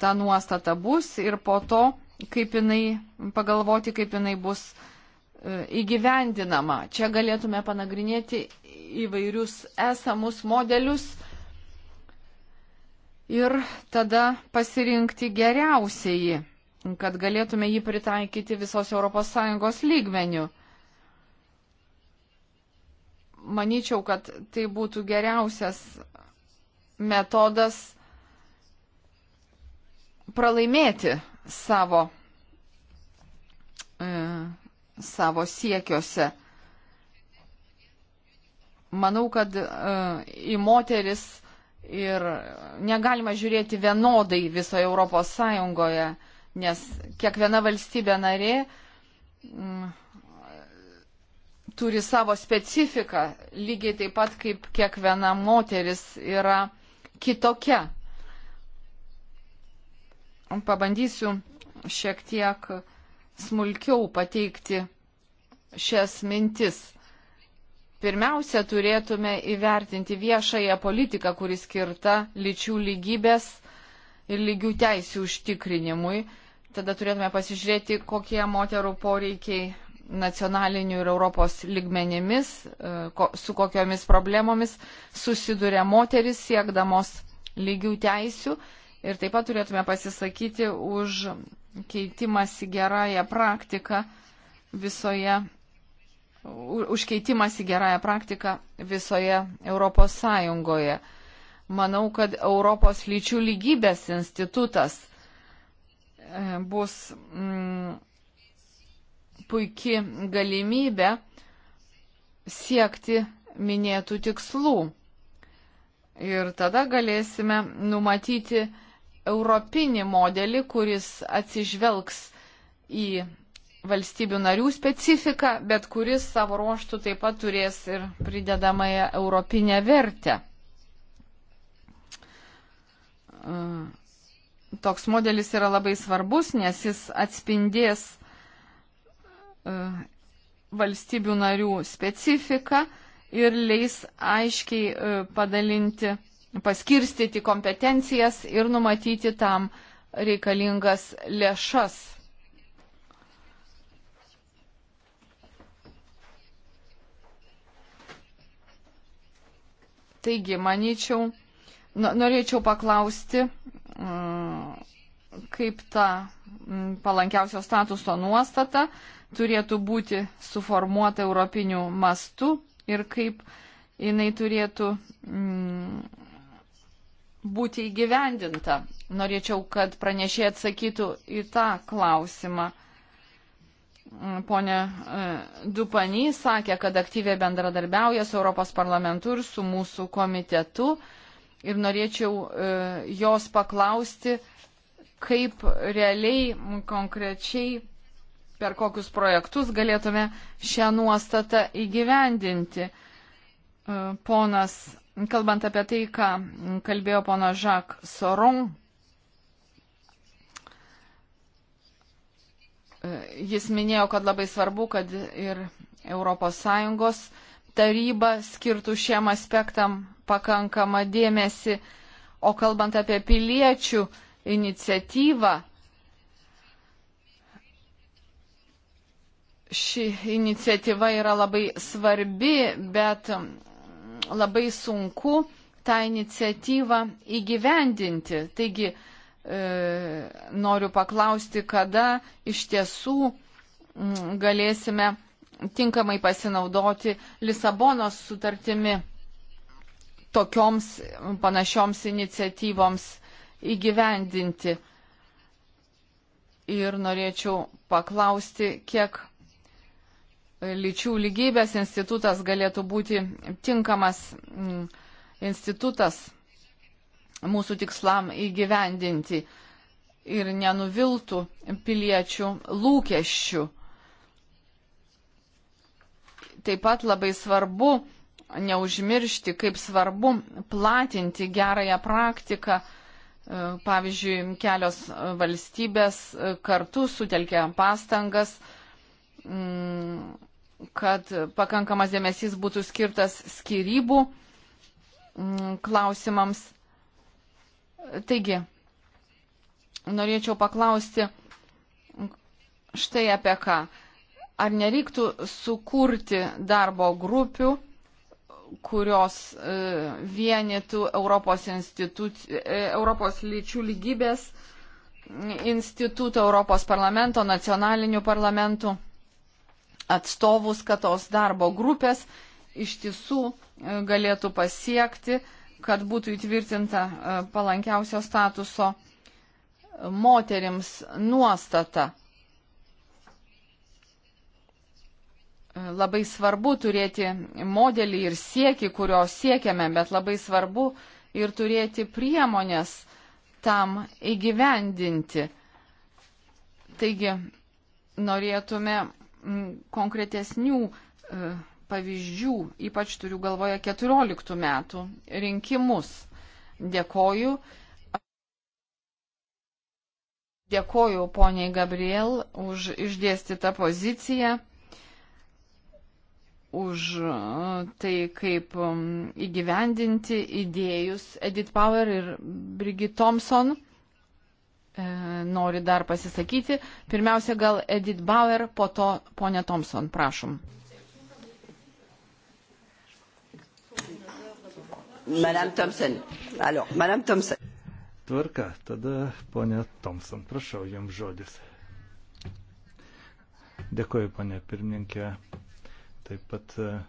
tą nuostatą bus ir po to kaip jinai, pagalvoti, kaip jinai bus e, įgyvendinama. Čia galėtume panagrinėti įvairius esamus modelius ir tada pasirinkti geriausiai, kad galėtume jį pritaikyti visos ES lygmenių. Maničiau, kad tai būtų geriausias metodas pralaimėti savo, e, savo siekiuose. Manau, kad e, į moteris ir negalima žiūrėti vienodai visoje Europos Sąjungoje, nes kiekviena valstybė narė m, turi savo specifiką, lygiai taip pat kaip kiekviena moteris yra kitokia pabandysiu šiek tiek smulkiau pateikti šias mintis. Pirmiausia, turėtume įvertinti viešąją politiką, kuri skirta lyčių lygybės ir lygių teisų užtikrinimui. Tada turėtume pasižiūrėti, kokie moterų poreikiai nacionalinių ir Europos ligmenimis, e, su kokiomis problemomis susiduria moteris siekdamos lygių teisų Ir taip pat turėtume pasisakyti už keitimąsi gerąją praktiką visoje, už keitimąsi gerąją praktiką visoje Europos Sąjungoje. Manau, kad Europos lyčių lygybės institutas e, bus mm, puikia galimybė siekti minėtų tikslų. Ir tada galėsime numatyti europinį modelį, kuris atsižvelgs į valstybių narių specifiką, bet kuris savo ruoštų taip pat turės ir pridedamąją europinę vertę. E, toks modelis yra labai svarbus, nes jis atspindės e, valstybių narių specifiką ir leis aiškiai e, padalinti paskirstyti kompetencijas ir numatyti tam reikalingas lėšas. Taigi, manyčiau, norėčiau paklausti, mm, kaip ta mm, palankiausio statuso nuostata turėtų būti suformuota europiniu mastu ir kaip jinai turėtų mm, būti įgyvendinta. Norėčiau, kad pranešė atsakytų į tą klausimą. Mm, Pone e, Dupany sakė, kad aktyviai bendradarbiauja su Europos parlamentu ir su mūsų komitetu. Ir norėčiau e, jos paklausti, kaip realiai, konkrečiai, per kokius projektus galėtume šią nuostatą įgyvendinti. E, ponas kalbant apie tai, ką kalbėjo pono Žak Soron, jis minėjo, kad labai svarbu, kad ir ES taryba skirtų šiem aspektam pakankamą dėmesį, o kalbant apie piliečių iniciatyvą, ši iniciatyva yra labai svarbi, bet labai sunku tą iniciatyvą įgyvendinti. Taigi e, noriu paklausti, kada iš tiesų m, mm, galėsime tinkamai pasinaudoti Lisabonos sutartimi tokioms panašioms iniciatyvoms įgyvendinti. Ir norėčiau paklausti, kiek lyčių lygybės institutas galėtų būti tinkamas mm, institutas mūsų tikslam įgyvendinti ir nenuviltų piliečių lūkesčių. Taip pat labai svarbu neužmiršti, kaip svarbu platinti gerąją praktiką. E, pavyzdžiui, kelios valstybės e, kartu sutelkė pastangas Mm, kad pakankamas dėmesys būtų skirtas skirybų mm, klausimams. Taigi, norėčiau paklausti štai apie ką. Ar nereiktų sukurti darbo grupių, kurios e, vienytų Europos, e, Europos lyčių lygybės instituto, Europos parlamento, nacionalinių parlamentų? atstovus, kad tos darbo grupės iš tiesų e, galėtų pasiekti, kad būtų įtvirtinta e, palankiausio statuso e, moterims nuostata. Labai svarbu turėti modelį ir sieki, kurio siekiame, bet labai svarbu ir turėti priemonės tam įgyvendinti. Taigi, norėtume konkretesnių e, pavyzdžių, ypač turiu galvoje 14 metų rinkimus. Dėkoju. Dėkoju poniai Gabriel už išdėstytą poziciją, už e, tai, kaip įgyvendinti idėjus Edith Power ir Brigitte Thompson. E, nori dar pasisakyti. Pirmiausia, gal Edith Bauer, po to ponė Thompson, prašom. Madame Thompson. Alors, Madame Thompson. Tvarka, tada ponė Thompson, prašau, jums žodis. Dėkuoju, ponė pirmininkė. Taip pat uh,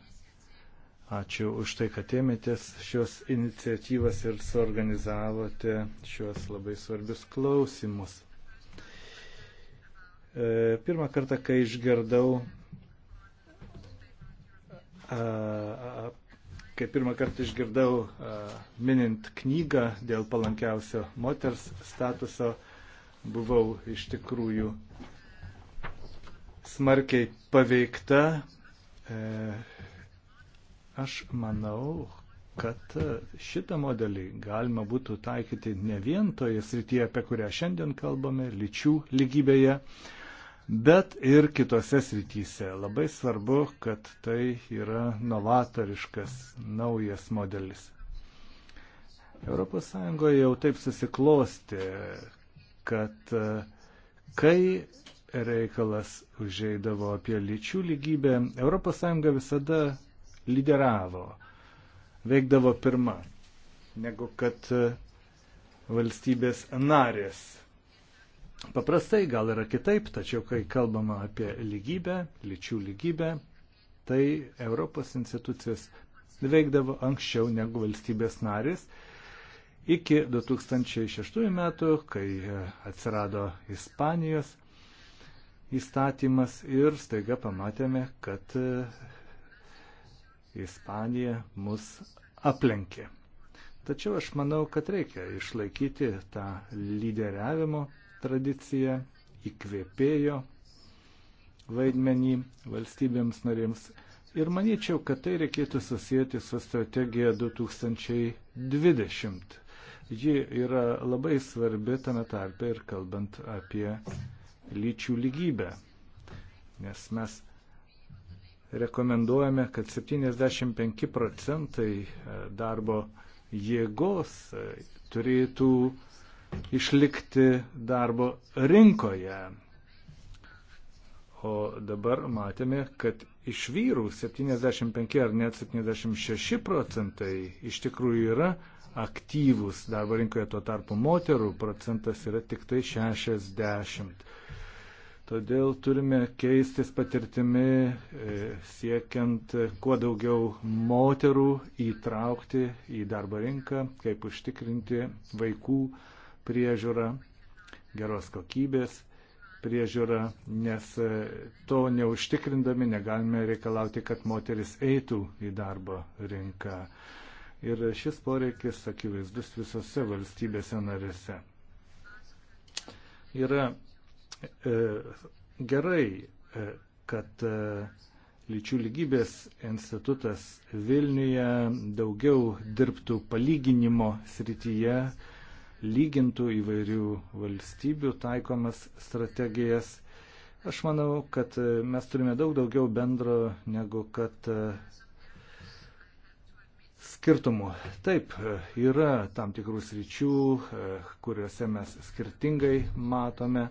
Ačiū už tai, kad ėmėtės šios iniciatyvas ir suorganizavote šios labai svarbius klausimus. E, pirmą kartą, kai išgirdau, kai pirmą kartą išgirdau minint knygą dėl palankiausio moters statuso, buvau iš tikrųjų smarkiai paveikta. E, Aš manau, kad šitą modelį galima būtų taikyti ne vien toje srityje, apie kurią šiandien kalbame, lyčių lygybėje, bet ir kitose srityse. Labai svarbu, kad tai yra novatoriškas naujas modelis. ES jau taip susiklosti, kad e, kai reikalas užžeidavo apie lyčių lygybę, ES visada lideravo, veikdavo pirma, negu kad e, valstybės narės. Paprastai gal yra kitaip, tačiau kai kalbama apie lygybę, lyčių lygybę, tai Europos institucijos veikdavo anksčiau negu valstybės narės. Iki 2006 metų, kai e, atsirado Ispanijos įstatymas ir staiga pamatėme, kad e, Ispanija mus aplenkė. Tačiau aš manau, kad reikia išlaikyti tą lyderiavimo tradiciją, įkvėpėjo vaidmenį valstybėms narėms. Ir manyčiau, kad tai reikėtų susijęti su strategija 2020. Ji yra labai svarbi tame tarpe ir kalbant apie lyčių lygybę. Nes mes rekomenduojame, kad 75 procentai e, darbo jėgos e, turėtų išlikti darbo rinkoje. O dabar matėme, kad iš vyrų 75 ar net 76 procentai iš tikrųjų yra aktyvūs darbo rinkoje, tuo tarpu moterų procentas yra tik tai 60. Todėl turime keistis patirtimi e, siekiant e, kuo daugiau moterų įtraukti į darbo rinką, kaip užtikrinti vaikų priežiūrą, geros kokybės priežiūrą, nes e, to neužtikrindami negalime reikalauti, kad moteris eitų į darbo rinką. Ir šis poreikis akivaizdus visose valstybėse narėse. Yra E, gerai, e, kad e, lyčių lygybės institutas Vilniuje daugiau dirbtų palyginimo srityje, lygintų įvairių valstybių taikomas strategijas. Aš manau, kad mes turime daug daugiau bendro negu kad skirtumų. Taip, yra tam tikrų sričių, kuriuose mes skirtingai matome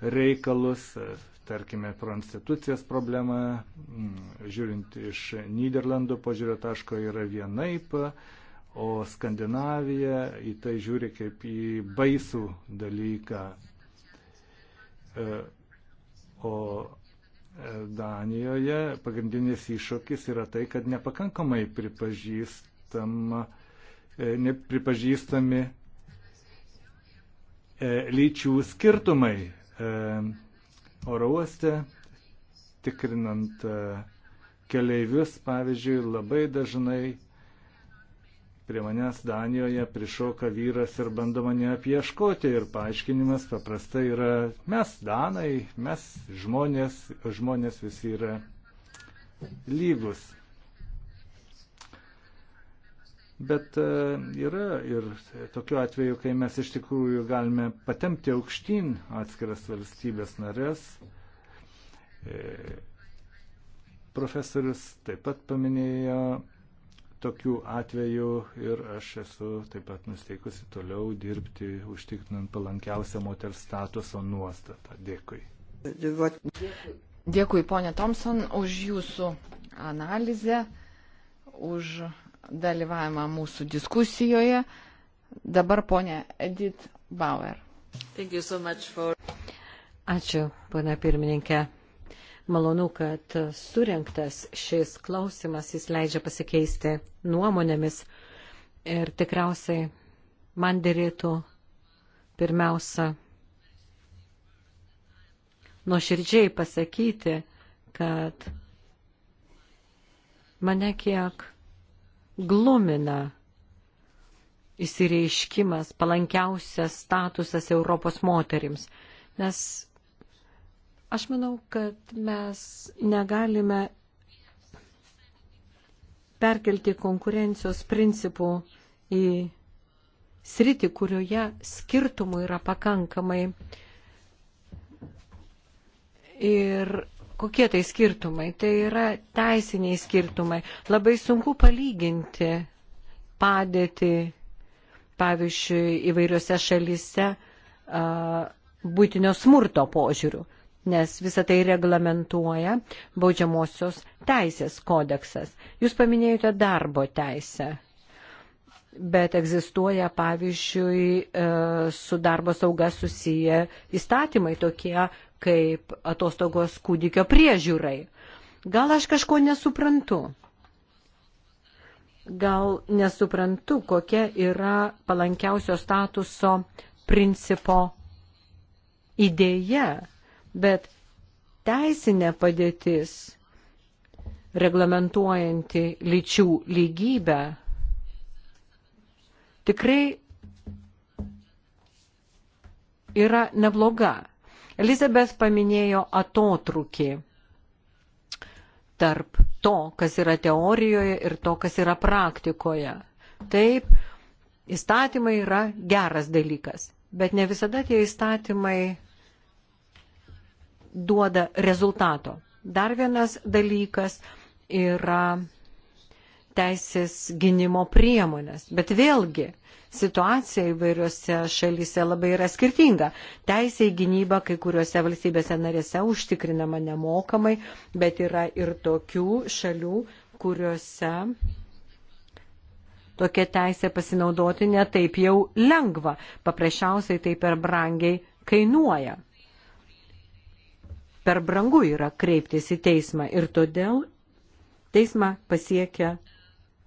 reikalus, tarkime, prostitucijos problema, mm, žiūrint iš Niderlandų požiūrio taško yra vienaip, o Skandinavija į tai žiūri kaip į baisų dalyką. E, o e, Danijoje pagrindinis iššūkis yra tai, kad nepakankamai pripažįstama, e, nepripažįstami lyčių skirtumai E, oro uoste, tikrinant e, keleivius, pavyzdžiui, labai dažnai prie manęs Danijoje prišoka vyras ir bando mane apieškoti ir paaiškinimas paprastai yra mes Danai, mes žmonės, žmonės visi yra lygus. Bet e, yra ir tokiu atveju, kai mes iš tikrųjų galime patemti aukštyn atskiras valstybės narės. E, profesorius taip pat paminėjo tokių atvejų ir aš esu taip pat nusteikusi toliau dirbti, užtikrinant palankiausią moters statuso nuostatą. Dėkui. Dėkui, ponė Thompson, už jūsų analizę, už dalyvavimą mūsų diskusijoje. Dabar ponė Edith Bauer. So for... Ačiū, pana pirmininkė. Malonu, kad surinktas šis klausimas, jis leidžia pasikeisti nuomonėmis ir tikriausiai man dėrėtų pirmiausia nuoširdžiai pasakyti, kad mane kiek glumina įsireiškimas, palankiausias statusas Europos moterims. Nes aš manau, kad mes negalime perkelti konkurencijos principų į sritį, kurioje skirtumų yra pakankamai. Ir Kokie tai skirtumai? Tai yra teisiniai skirtumai. Labai sunku palyginti padėtį, pavyzdžiui, įvairiose šalise būtinio smurto požiūrių, nes visą tai reglamentuoja baudžiamosios teisės kodeksas. Jūs paminėjote darbo teisę, bet egzistuoja, pavyzdžiui, e, su darbo sauga susiję įstatymai tokie kaip atostogos kūdikio priežiūrai. Gal aš kažko nesuprantu? Gal nesuprantu, kokia yra palankiausio statuso principo idėja, bet teisinė padėtis reglamentuojanti lyčių lygybę tikrai yra nebloga. Elizabeth paminėjo atotrukį tarp to, kas yra teorijoje ir to, kas yra praktikoje. Taip, įstatymai yra geras dalykas, bet ne visada tie įstatymai duoda rezultato. Dar vienas dalykas yra teisės gynimo priemonės. Bet vėlgi, situacija įvairiose šalyse labai yra skirtinga. Teisė į gynybą kai kuriuose valstybėse narėse užtikrinama nemokamai, bet yra ir tokių šalių, kuriuose tokia teisė pasinaudoti netaip jau lengva. Paprasčiausiai tai per brangiai kainuoja. Per brangu yra kreiptis į teismą ir todėl teismą pasiekia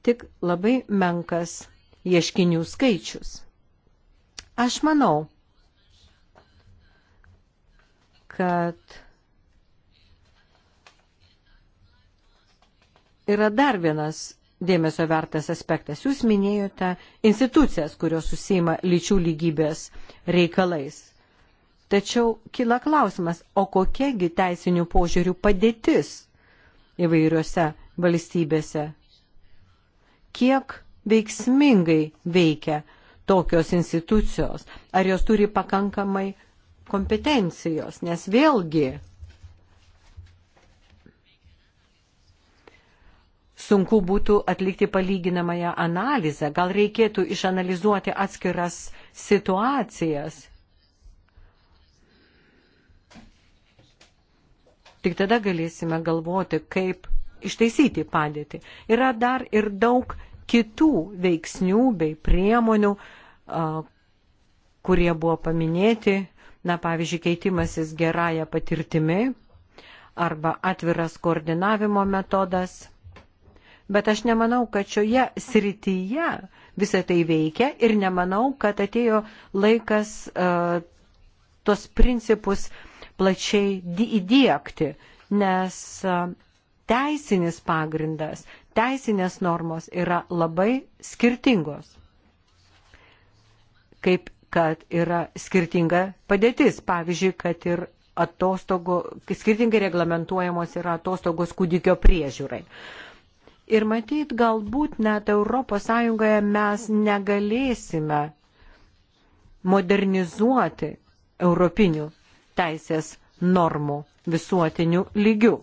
tik labai menkas ieškinių skaičius. Aš manau, kad yra dar vienas dėmesio vertas aspektas. Jūs minėjote institucijas, kurios susima lyčių lygybės reikalais. Tačiau kila klausimas, o kokiegi teisinių požiūrių padėtis įvairiuose valstybėse? Kiek veiksmingai veikia tokios institucijos, ar jos turi pakankamai kompetencijos, nes vėlgi sunku būtų atlikti palyginamąją analizę, gal reikėtų išanalizuoti atskiras situacijas. Tik tada galėsime galvoti, kaip ištaisyti padėtį. Yra dar ir daug kitų veiksnių bei priemonių, kurie buvo paminėti, na pavyzdžiui, keitimasis gerąją patirtimi arba atviras koordinavimo metodas. Bet aš nemanau, kad šioje srityje visą tai veikia ir nemanau, kad atėjo laikas uh, tos principus plačiai įdėkti, nes uh, teisinis pagrindas teisinės normos yra labai skirtingos. Kaip kad yra skirtinga padėtis. Pavyzdžiui, kad ir atostogų, skirtingai reglamentuojamos yra atostogos kūdikio priežiūrai. Ir matyt, galbūt net ES mes negalėsime modernizuoti europinių teisės normų visuotinių lygių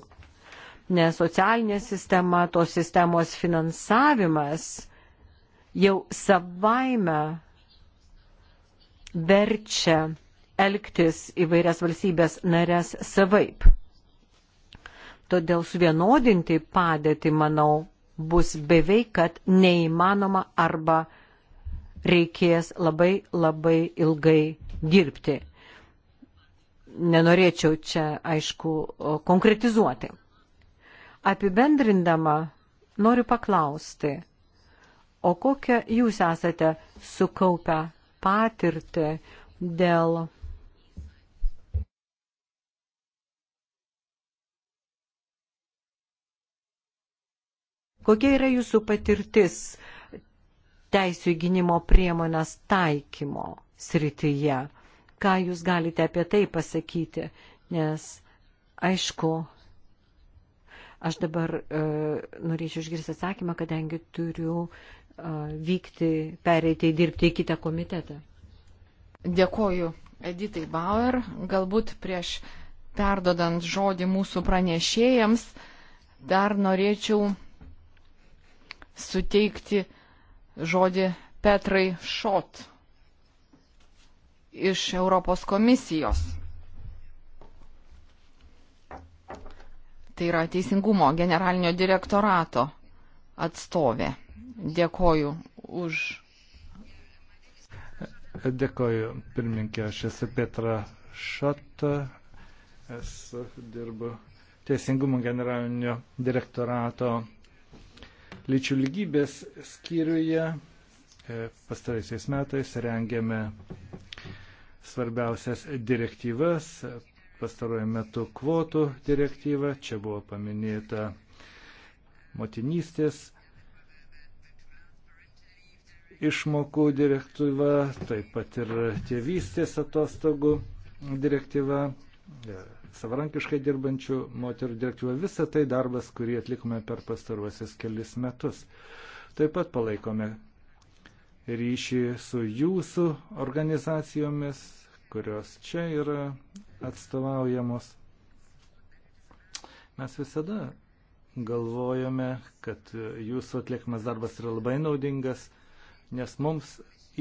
nes socialinė sistema, tos sistemos finansavimas jau savaime verčia elgtis įvairias valstybės narės savaip. Todėl suvienodinti padėtį, manau, bus beveik, kad neįmanoma arba reikės labai labai ilgai dirbti. Nenorėčiau čia, aišku, konkretizuoti. Apibendrindama, noriu paklausti, o kokią jūs esate sukaupę patirtį dėl Kokia yra jūsų patirtis teisų įgynimo priemonės taikymo srityje? Ką jūs galite apie tai pasakyti? Nes, aišku, Aš dabar e, norėčiau išgirsti atsakymą, kadangi turiu e, vykti, pereiti, dirbti į kitą komitetą. Dėkoju Editai Bauer. Galbūt prieš perdodant žodį mūsų pranešėjams, dar norėčiau suteikti žodį Petrai Šot iš Europos komisijos. tai yra Teisingumo generalinio direktorato atstovė. Dėkoju už. Dėkoju, pirmininkė, aš esu Petra Šota, esu dirbu Teisingumo generalinio direktorato lyčių lygybės skyriuje. E, pastaraisiais metais rengėme svarbiausias direktyvas, pastaruoju metu kvotų direktyva, čia buvo paminėta motinystės išmokų direktyva, taip pat ir tėvystės atostogų direktyva, e, savarankiškai dirbančių moterų direktyva. Visa tai darbas, kurį atlikome per pastaruosius kelis metus. Taip pat palaikome ryšį su jūsų organizacijomis, kurios čia yra atstovaujamos. Mes visada galvojame, kad jūsų atliekamas darbas yra labai naudingas, nes mums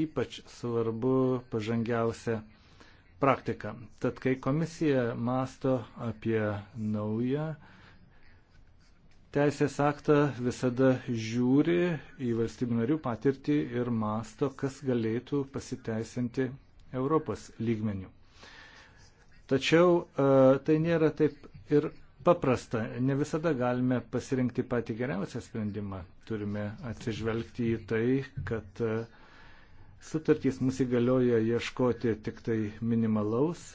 ypač svarbu pažangiausia praktika. Tad kai komisija masto apie naują teisės aktą, visada žiūri į valstybių narių patirtį ir masto, kas galėtų pasiteisinti Europos lygmenių. Tačiau e, tai nėra taip ir paprasta. Ne visada galime pasirinkti patį geriausią sprendimą. Turime atsižvelgti į tai, kad e, sutartys mūsų įgalioja ieškoti tik tai minimalaus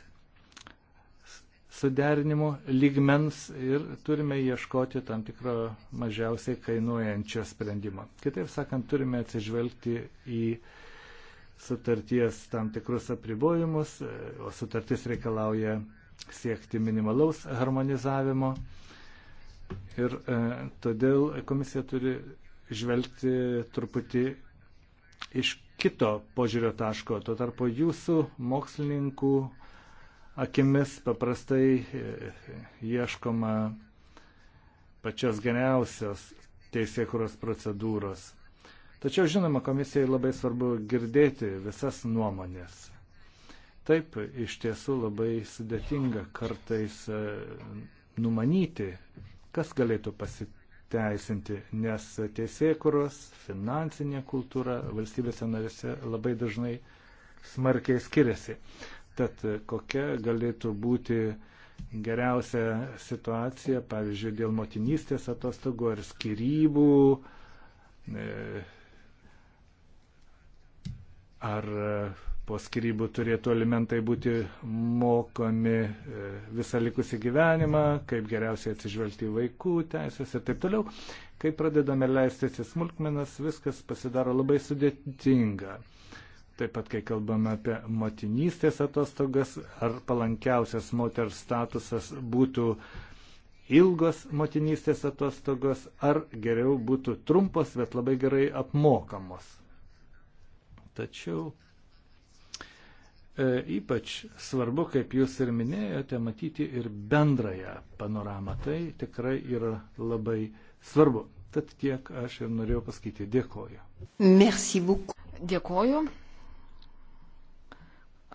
suderinimo lygmens ir turime ieškoti tam tikro mažiausiai kainuojančio sprendimo. Kitaip sakant, turime atsižvelgti į uh, sutarties tam tikrus apribojimus, e, o sutartis reikalauja siekti minimalaus harmonizavimo. Ir e, todėl komisija turi žvelgti truputį iš kito požiūrio taško. Tuo tarpu jūsų mokslininkų akimis paprastai e, ieškoma pačios geriausios teisėkuros procedūros. Tačiau, žinoma, komisijai labai svarbu girdėti visas nuomonės. Taip, iš tiesų labai sudėtinga kartais e, numanyti, kas galėtų pasiteisinti, nes teisėkuros, finansinė kultūra valstybėse narėse labai dažnai smarkiai skiriasi. Tad e, kokia galėtų būti geriausia situacija, pavyzdžiui, dėl motinystės atostogų ar skirybų, e, ar e, po skirybų turėtų alimentai būti mokami e, visą likusį gyvenimą, kaip geriausiai atsižvelgti į vaikų teisės ir taip toliau. Kai pradedame leistis į smulkmenas, viskas pasidaro labai sudėtinga. Taip pat, kai kalbame apie motinystės atostogas, ar palankiausias moters statusas būtų ilgos motinystės atostogos, ar geriau būtų trumpos, bet labai gerai apmokamos Tačiau e, ypač svarbu, kaip jūs ir minėjote, matyti ir bendrąją panoramą. Tai tikrai yra labai svarbu. Tad tiek aš ir norėjau pasakyti. Dėkoju. Merci beaucoup. Dėkoju.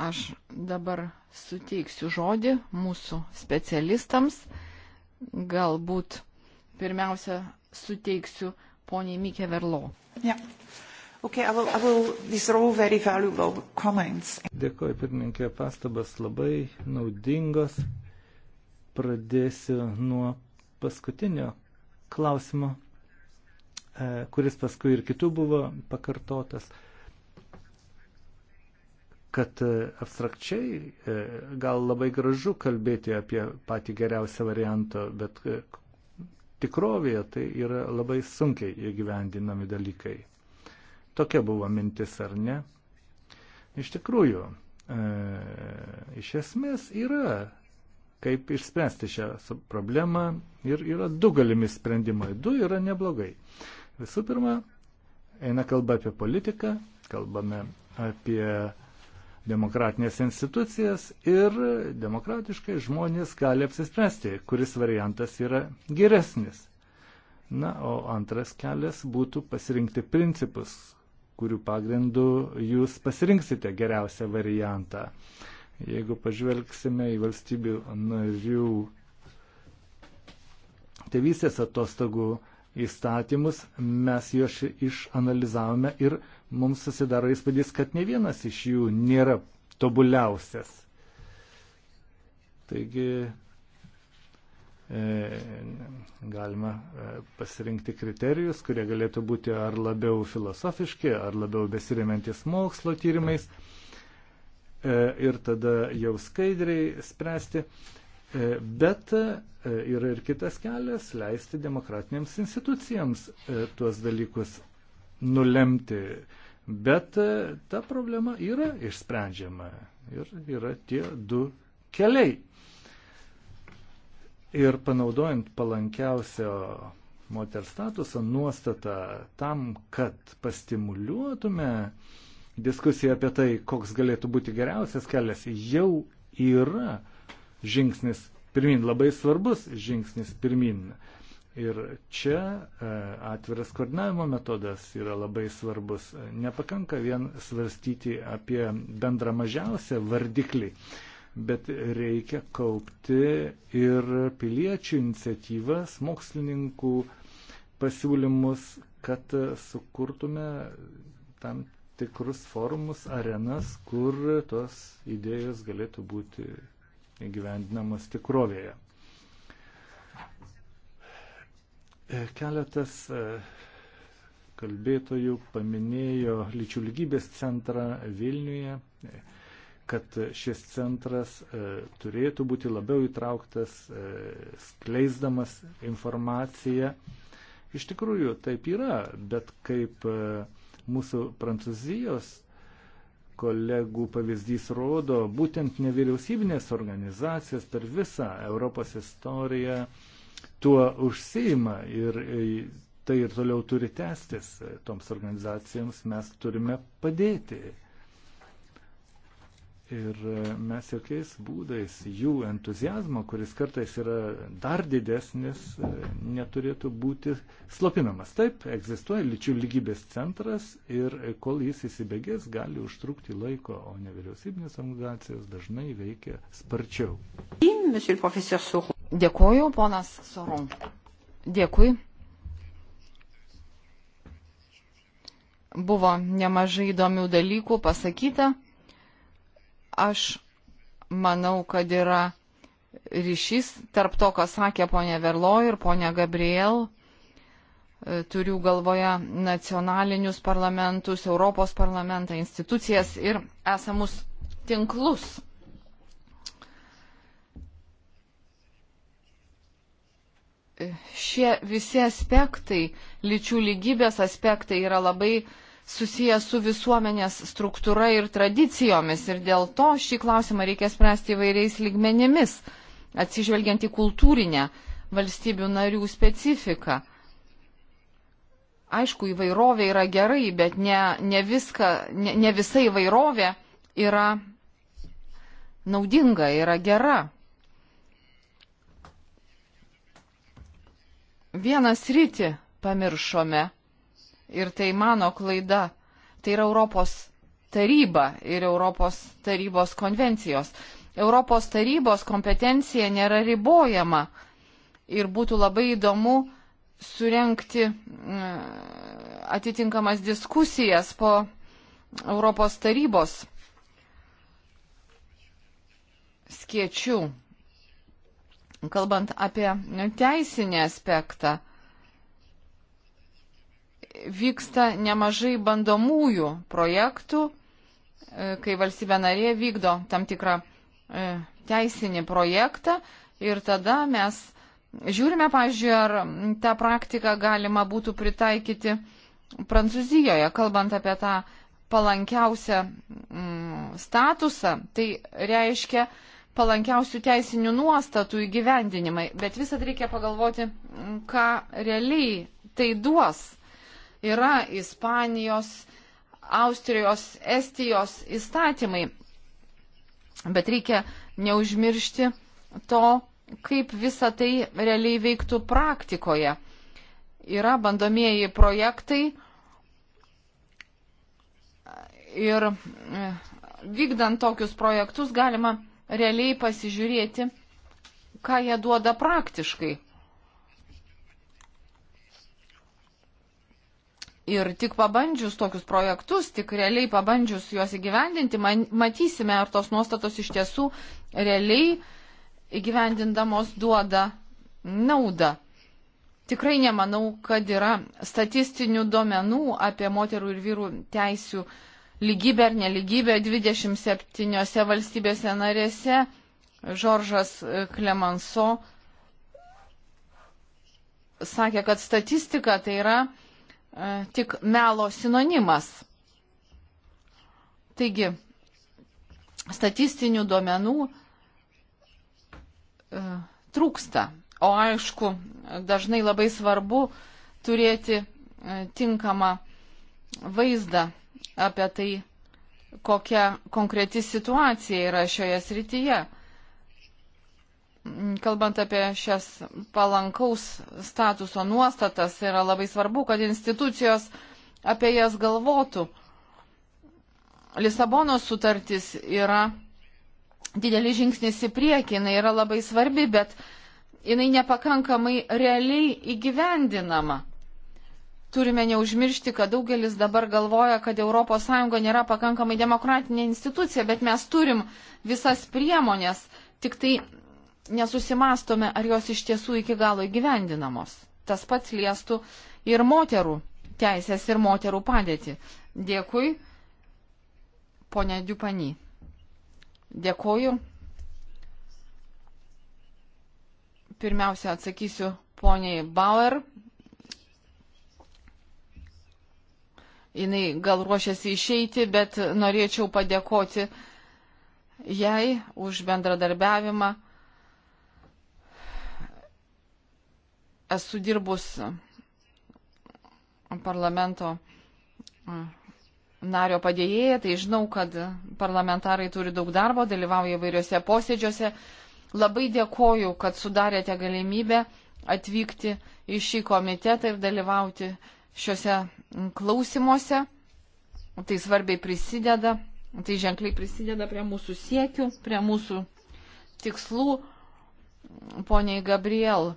Aš dabar suteiksiu žodį mūsų specialistams. Galbūt pirmiausia suteiksiu poniai Mikė Verlo. Ja. Okay, I will, I will, these are all very valuable comments. Dėkoju, pirmininkė, pastabas labai naudingos. Pradėsiu nuo paskutinio klausimo, e, kuris paskui ir kitų buvo pakartotas kad e, abstrakčiai e, gal labai gražu kalbėti apie patį geriausią variantą, bet tikrovėje tai yra labai sunkiai įgyvendinami dalykai. Tokia buvo mintis, ar ne? Iš tikrųjų, e, iš esmės yra kaip išspręsti šią problemą ir yra du galimi sprendimai. Du yra neblogai. Visų pirma, eina kalba apie politiką, kalbame apie demokratinės institucijas ir demokratiškai žmonės gali apsispręsti, kuris variantas yra geresnis. Na, o antras kelias būtų pasirinkti principus, kurių pagrindų jūs pasirinksite geriausią variantą. Jeigu pažvelgsime į valstybių narių tėvysės atostogų įstatymus, mes juos išanalizavome ir mums susidaro įspūdis, kad ne vienas iš jų nėra tobuliausias. Taigi E, galima e, pasirinkti kriterijus, kurie galėtų būti ar labiau filosofiški, ar labiau besirimantis mokslo tyrimais e, ir tada jau skaidriai spręsti. Bet yra ir kitas kelias - leisti demokratinėms institucijams tuos dalykus nulemti. Bet ta problema yra išsprendžiama ir yra tie du keliai ir panaudojant palankiausio moters statuso nuostatą tam, kad pastimuliuotume diskusiją apie tai, koks galėtų būti geriausias kelias, jau yra žingsnis pirmin, labai svarbus žingsnis pirmin. Ir čia e, atviras koordinavimo metodas yra labai svarbus. Nepakanka vien svarstyti apie bendrą mažiausią vardiklį bet reikia kaupti ir piliečių iniciatyvas, mokslininkų pasiūlymus, kad sukurtume tam tikrus forumus, arenas, kur tos idėjos galėtų būti įgyvendinamos tikrovėje. Keletas e, kalbėtojų paminėjo lyčių lygybės centrą Vilniuje kad šis centras e, turėtų būti labiau įtrauktas, e, skleisdamas informaciją. Iš tikrųjų, taip yra, bet kaip e, mūsų Prancūzijos kolegų pavyzdys rodo, būtent nevyriausybinės organizacijos per visą Europos istoriją tuo užsima ir tai ir toliau turi tęstis. Toms organizacijoms mes turime padėti. Ir e, mes jokiais būdais jų entuzijazmo, kuris kartais yra dar didesnis, e, neturėtų būti slopinamas. Taip, egzistuoja lyčių lygybės centras ir kol jis įsibėgės, gali užtrukti laiko, o nevyriausybinės organizacijos dažnai veikia sparčiau. Dėkuoju, ponas Sorum. Dėkui. Buvo nemažai įdomių dalykų pasakyta. Aš manau, kad yra ryšys tarp to, ką sakė ponė Verlo ir ponė Gabriel. E, turiu galvoje nacionalinius parlamentus, Europos parlamentą, institucijas ir esamus tinklus. E, šie visi aspektai, lyčių lygybės aspektai yra labai uh, susijęs su visuomenės struktūra ir tradicijomis ir dėl to šį klausimą reikia spręsti įvairiais lygmenimis, atsižvelgiant į kultūrinę valstybių narių specifiką. Aišku, įvairovė yra gerai, bet ne, ne, viską, ne, ne visa įvairovė yra naudinga, yra gera. Vieną sritį pamiršome ir tai mano klaida. Tai yra Europos taryba ir Europos tarybos konvencijos. Europos tarybos kompetencija nėra ribojama ir būtų labai įdomu surenkti mm, atitinkamas diskusijas po Europos tarybos skiečių. Kalbant apie teisinį aspektą, vyksta nemažai bandomųjų projektų, e, kai valstybė narė vykdo tam tikrą e, teisinį projektą ir tada mes žiūrime, pažiūrėjau, ar tą praktiką galima būtų pritaikyti Prancūzijoje, kalbant apie tą palankiausią mm, statusą, tai reiškia palankiausių teisinių nuostatų įgyvendinimai, bet visat reikia pagalvoti, mm, ką realiai tai duos yra Ispanijos, Austrijos, Estijos įstatymai. Bet reikia neužmiršti to, kaip visa tai realiai veiktų praktikoje. Yra bandomieji projektai ir mm, vykdant tokius projektus galima realiai pasižiūrėti, ką jie duoda praktiškai. Ir tik pabandžius tokius projektus, tik realiai pabandžius juos įgyvendinti, man, matysime, ar tos nuostatos iš tiesų realiai įgyvendindamos duoda naudą. Tikrai nemanau, kad yra statistinių duomenų apie moterų ir vyrų teisių lygybę ar neligybę 27 valstybėse narėse. Žoržas e, Klemanso sakė, kad statistika tai yra E, tik melo sinonimas. Taigi, statistinių duomenų e, trūksta. O aišku, dažnai labai svarbu turėti e, tinkamą vaizdą apie tai, kokia konkreti situacija yra šioje srityje kalbant apie šias palankaus statuso nuostatas, yra labai svarbu, kad institucijos apie jas galvotų. Lisabonos sutartis yra didelis žingsnis į priekį, jinai yra labai svarbi, bet jinai nepakankamai realiai įgyvendinama. Turime neužmiršti, kad daugelis dabar galvoja, kad ES nėra pakankamai demokratinė institucija, bet mes turim visas priemonės, tik tai nesusimastome, ar jos iš tiesų iki galo įgyvendinamos. Tas pats liestų ir moterų teisės ir moterų padėtį. Dėkui, ponė Diupany. Dėkoju. Pirmiausia, atsakysiu poniai Bauer. Jis gal ruošiasi išeiti, bet norėčiau padėkoti jai už bendradarbiavimą esu dirbus parlamento nario padėjėja, tai žinau, kad parlamentarai turi daug darbo, dalyvauja įvairiuose posėdžiuose. Labai dėkoju, kad sudarėte galimybę atvykti į šį komitetą ir dalyvauti šiuose klausimuose. Tai svarbiai prisideda, tai ženkliai prisideda prie mūsų siekių, prie mūsų tikslų. Poniai Gabriel,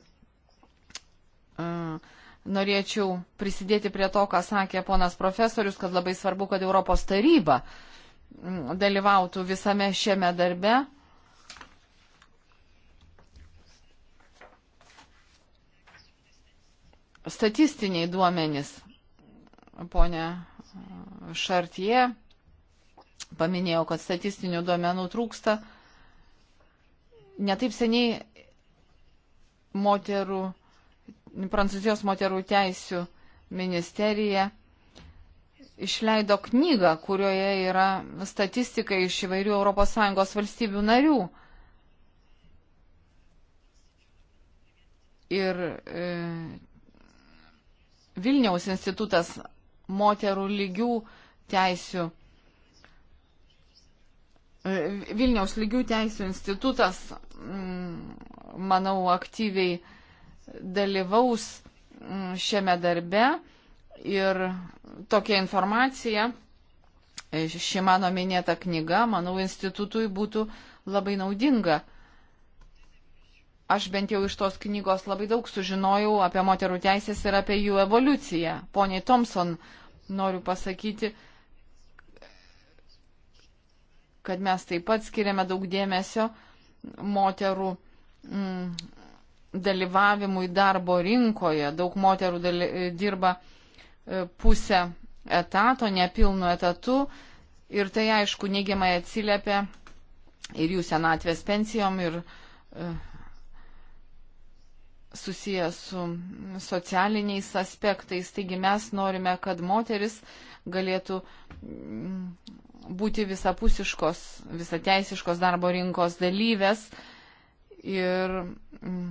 norėčiau prisidėti prie to, ką sakė ponas profesorius, kad labai svarbu, kad Europos taryba mm, dalyvautų visame šiame darbe. Statistiniai duomenys, ponė Šartie, paminėjau, kad statistinių duomenų trūksta. Netaip seniai moterų Prancūzijos moterų teisių ministerija išleido knygą, kurioje yra statistika iš įvairių ES valstybių narių. Ir e, Vilniaus institutas moterų lygių teisių. E, Vilniaus lygių teisų institutas, manau, aktyviai dalyvaus mm, šiame darbe ir tokia informacija, e, ši mano minėta knyga, manau, institutui būtų labai naudinga. Aš bent jau iš tos knygos labai daug sužinojau apie moterų teisės ir apie jų evoliuciją. Poniai Thompson, noriu pasakyti, kad mes taip pat skiriame daug dėmesio moterų mm, dalyvavimui darbo rinkoje. Daug moterų daly, dirba e, pusę etato, nepilnu etatu ir tai aišku neigiamai atsiliepia ir jų senatvės pensijom ir e, susijęs su socialiniais aspektais. Taigi mes norime, kad moteris galėtų mm, būti visapusiškos, visateisiškos darbo rinkos dalyvės ir mm,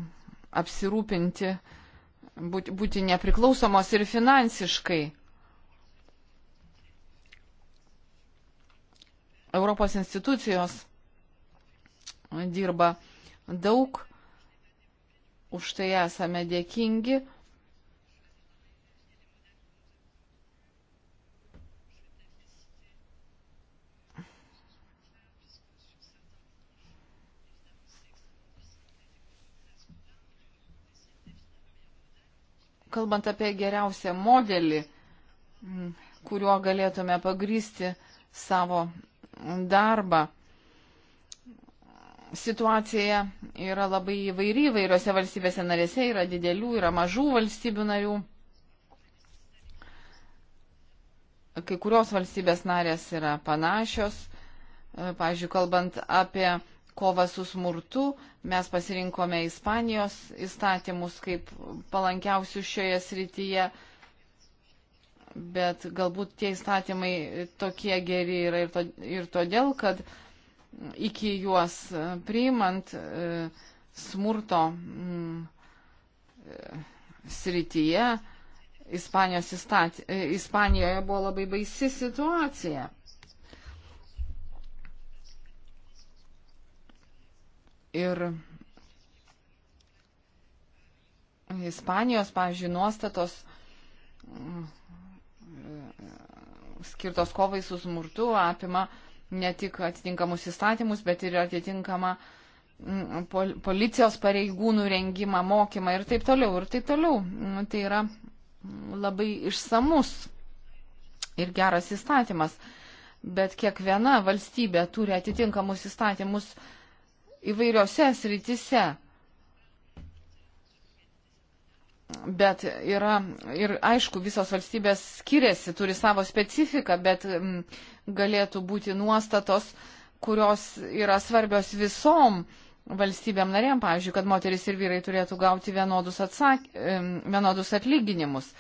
apsirūpinti, būti, būti nepriklausomos ir finansiškai. Europos institucijos dirba daug, už tai esame dėkingi. kalbant apie geriausią modelį, kuriuo galėtume pagrysti savo darbą, situacija yra labai įvairi, įvairiose valstybėse narėse yra didelių, yra mažų valstybių narių. Kai kurios valstybės narės yra panašios, pavyzdžiui, kalbant apie kovą su smurtu, mes pasirinkome Ispanijos įstatymus kaip palankiausius šioje srityje, bet galbūt tie įstatymai tokie geri yra ir, to, ir todėl, kad iki juos priimant e, smurto mm, e, srityje Ispanijos įstatymai, e, Ispanijoje buvo labai baisi situacija. ir Ispanijos, pavyzdžiui, nuostatos mm, skirtos kovai su smurtu apima ne tik atitinkamus įstatymus, bet ir atitinkamą mm, policijos pareigūnų rengimą, mokymą ir taip toliau, ir taip toliau. Nu, tai yra labai išsamus ir geras įstatymas, bet kiekviena valstybė turi atitinkamus įstatymus įvairiose srityse. Bet yra ir aišku, visos valstybės skiriasi, turi savo specifiką, bet m, mm, galėtų būti nuostatos, kurios yra svarbios visom valstybėm narėm, pavyzdžiui, kad moteris ir vyrai turėtų gauti vienodus, atsak, m, vienodus atlyginimus.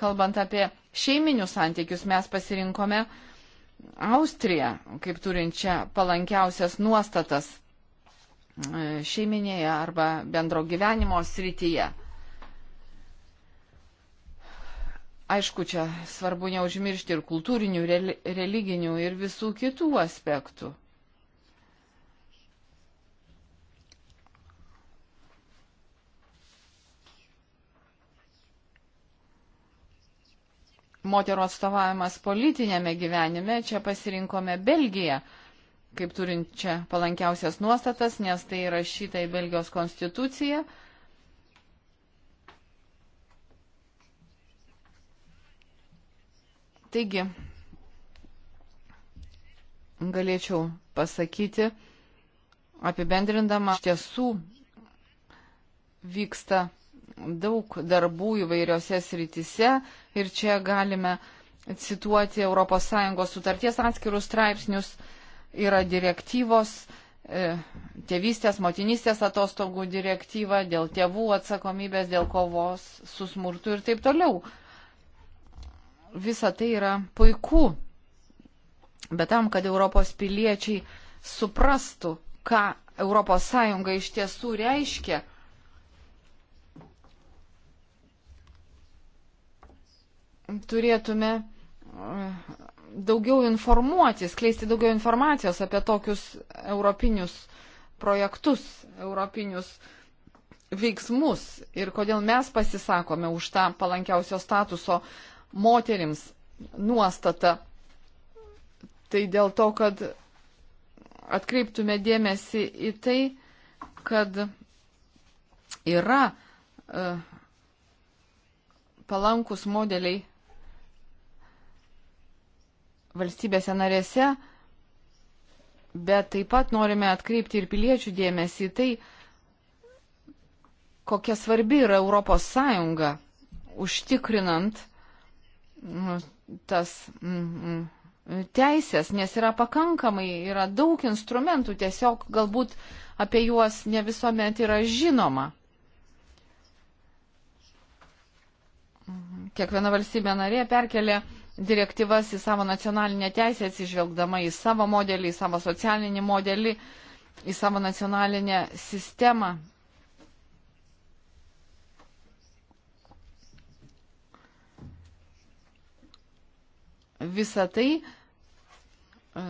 Kalbant apie šeiminius santykius, mes pasirinkome Austriją kaip turinčią palankiausias nuostatas E, šeiminėje arba bendro gyvenimo srityje. Aišku, čia svarbu neužmiršti ir kultūrinių, religinių ir visų kitų aspektų. Moterų atstovavimas politinėme gyvenime čia pasirinkome Belgiją kaip turinčią palankiausias nuostatas, nes tai rašyta į Belgijos konstituciją. Taigi, galėčiau pasakyti, apibendrindama, iš tiesų vyksta daug darbų įvairiose srityse ir čia galime cituoti ES sutarties atskirus straipsnius yra direktyvos, e, tėvystės, motinystės atostogų direktyva, dėl tėvų atsakomybės, dėl kovos su smurtu ir taip toliau. Visa tai yra puiku, bet tam, kad Europos piliečiai suprastų, ką ES iš tiesų reiškia, turėtume daugiau informuoti, skleisti daugiau informacijos apie tokius europinius projektus, europinius veiksmus ir kodėl mes pasisakome už tą palankiausio statuso moterims nuostatą. Tai dėl to, kad atkreiptume dėmesį į tai, kad yra e, palankus modeliai valstybėse narėse, bet taip pat norime atkreipti ir piliečių dėmesį į tai, kokia svarbi yra Europos Sąjunga, užtikrinant nu, tas mm, mm teisės, nes yra pakankamai, yra daug instrumentų, tiesiog galbūt apie juos ne visuomet yra žinoma. Kiekviena valstybė narė perkelė uh, direktyvas į savo nacionalinę teisę, atsižvelgdama į savo modelį, į savo socialinį modelį, į savo nacionalinę sistemą. Visa tai e,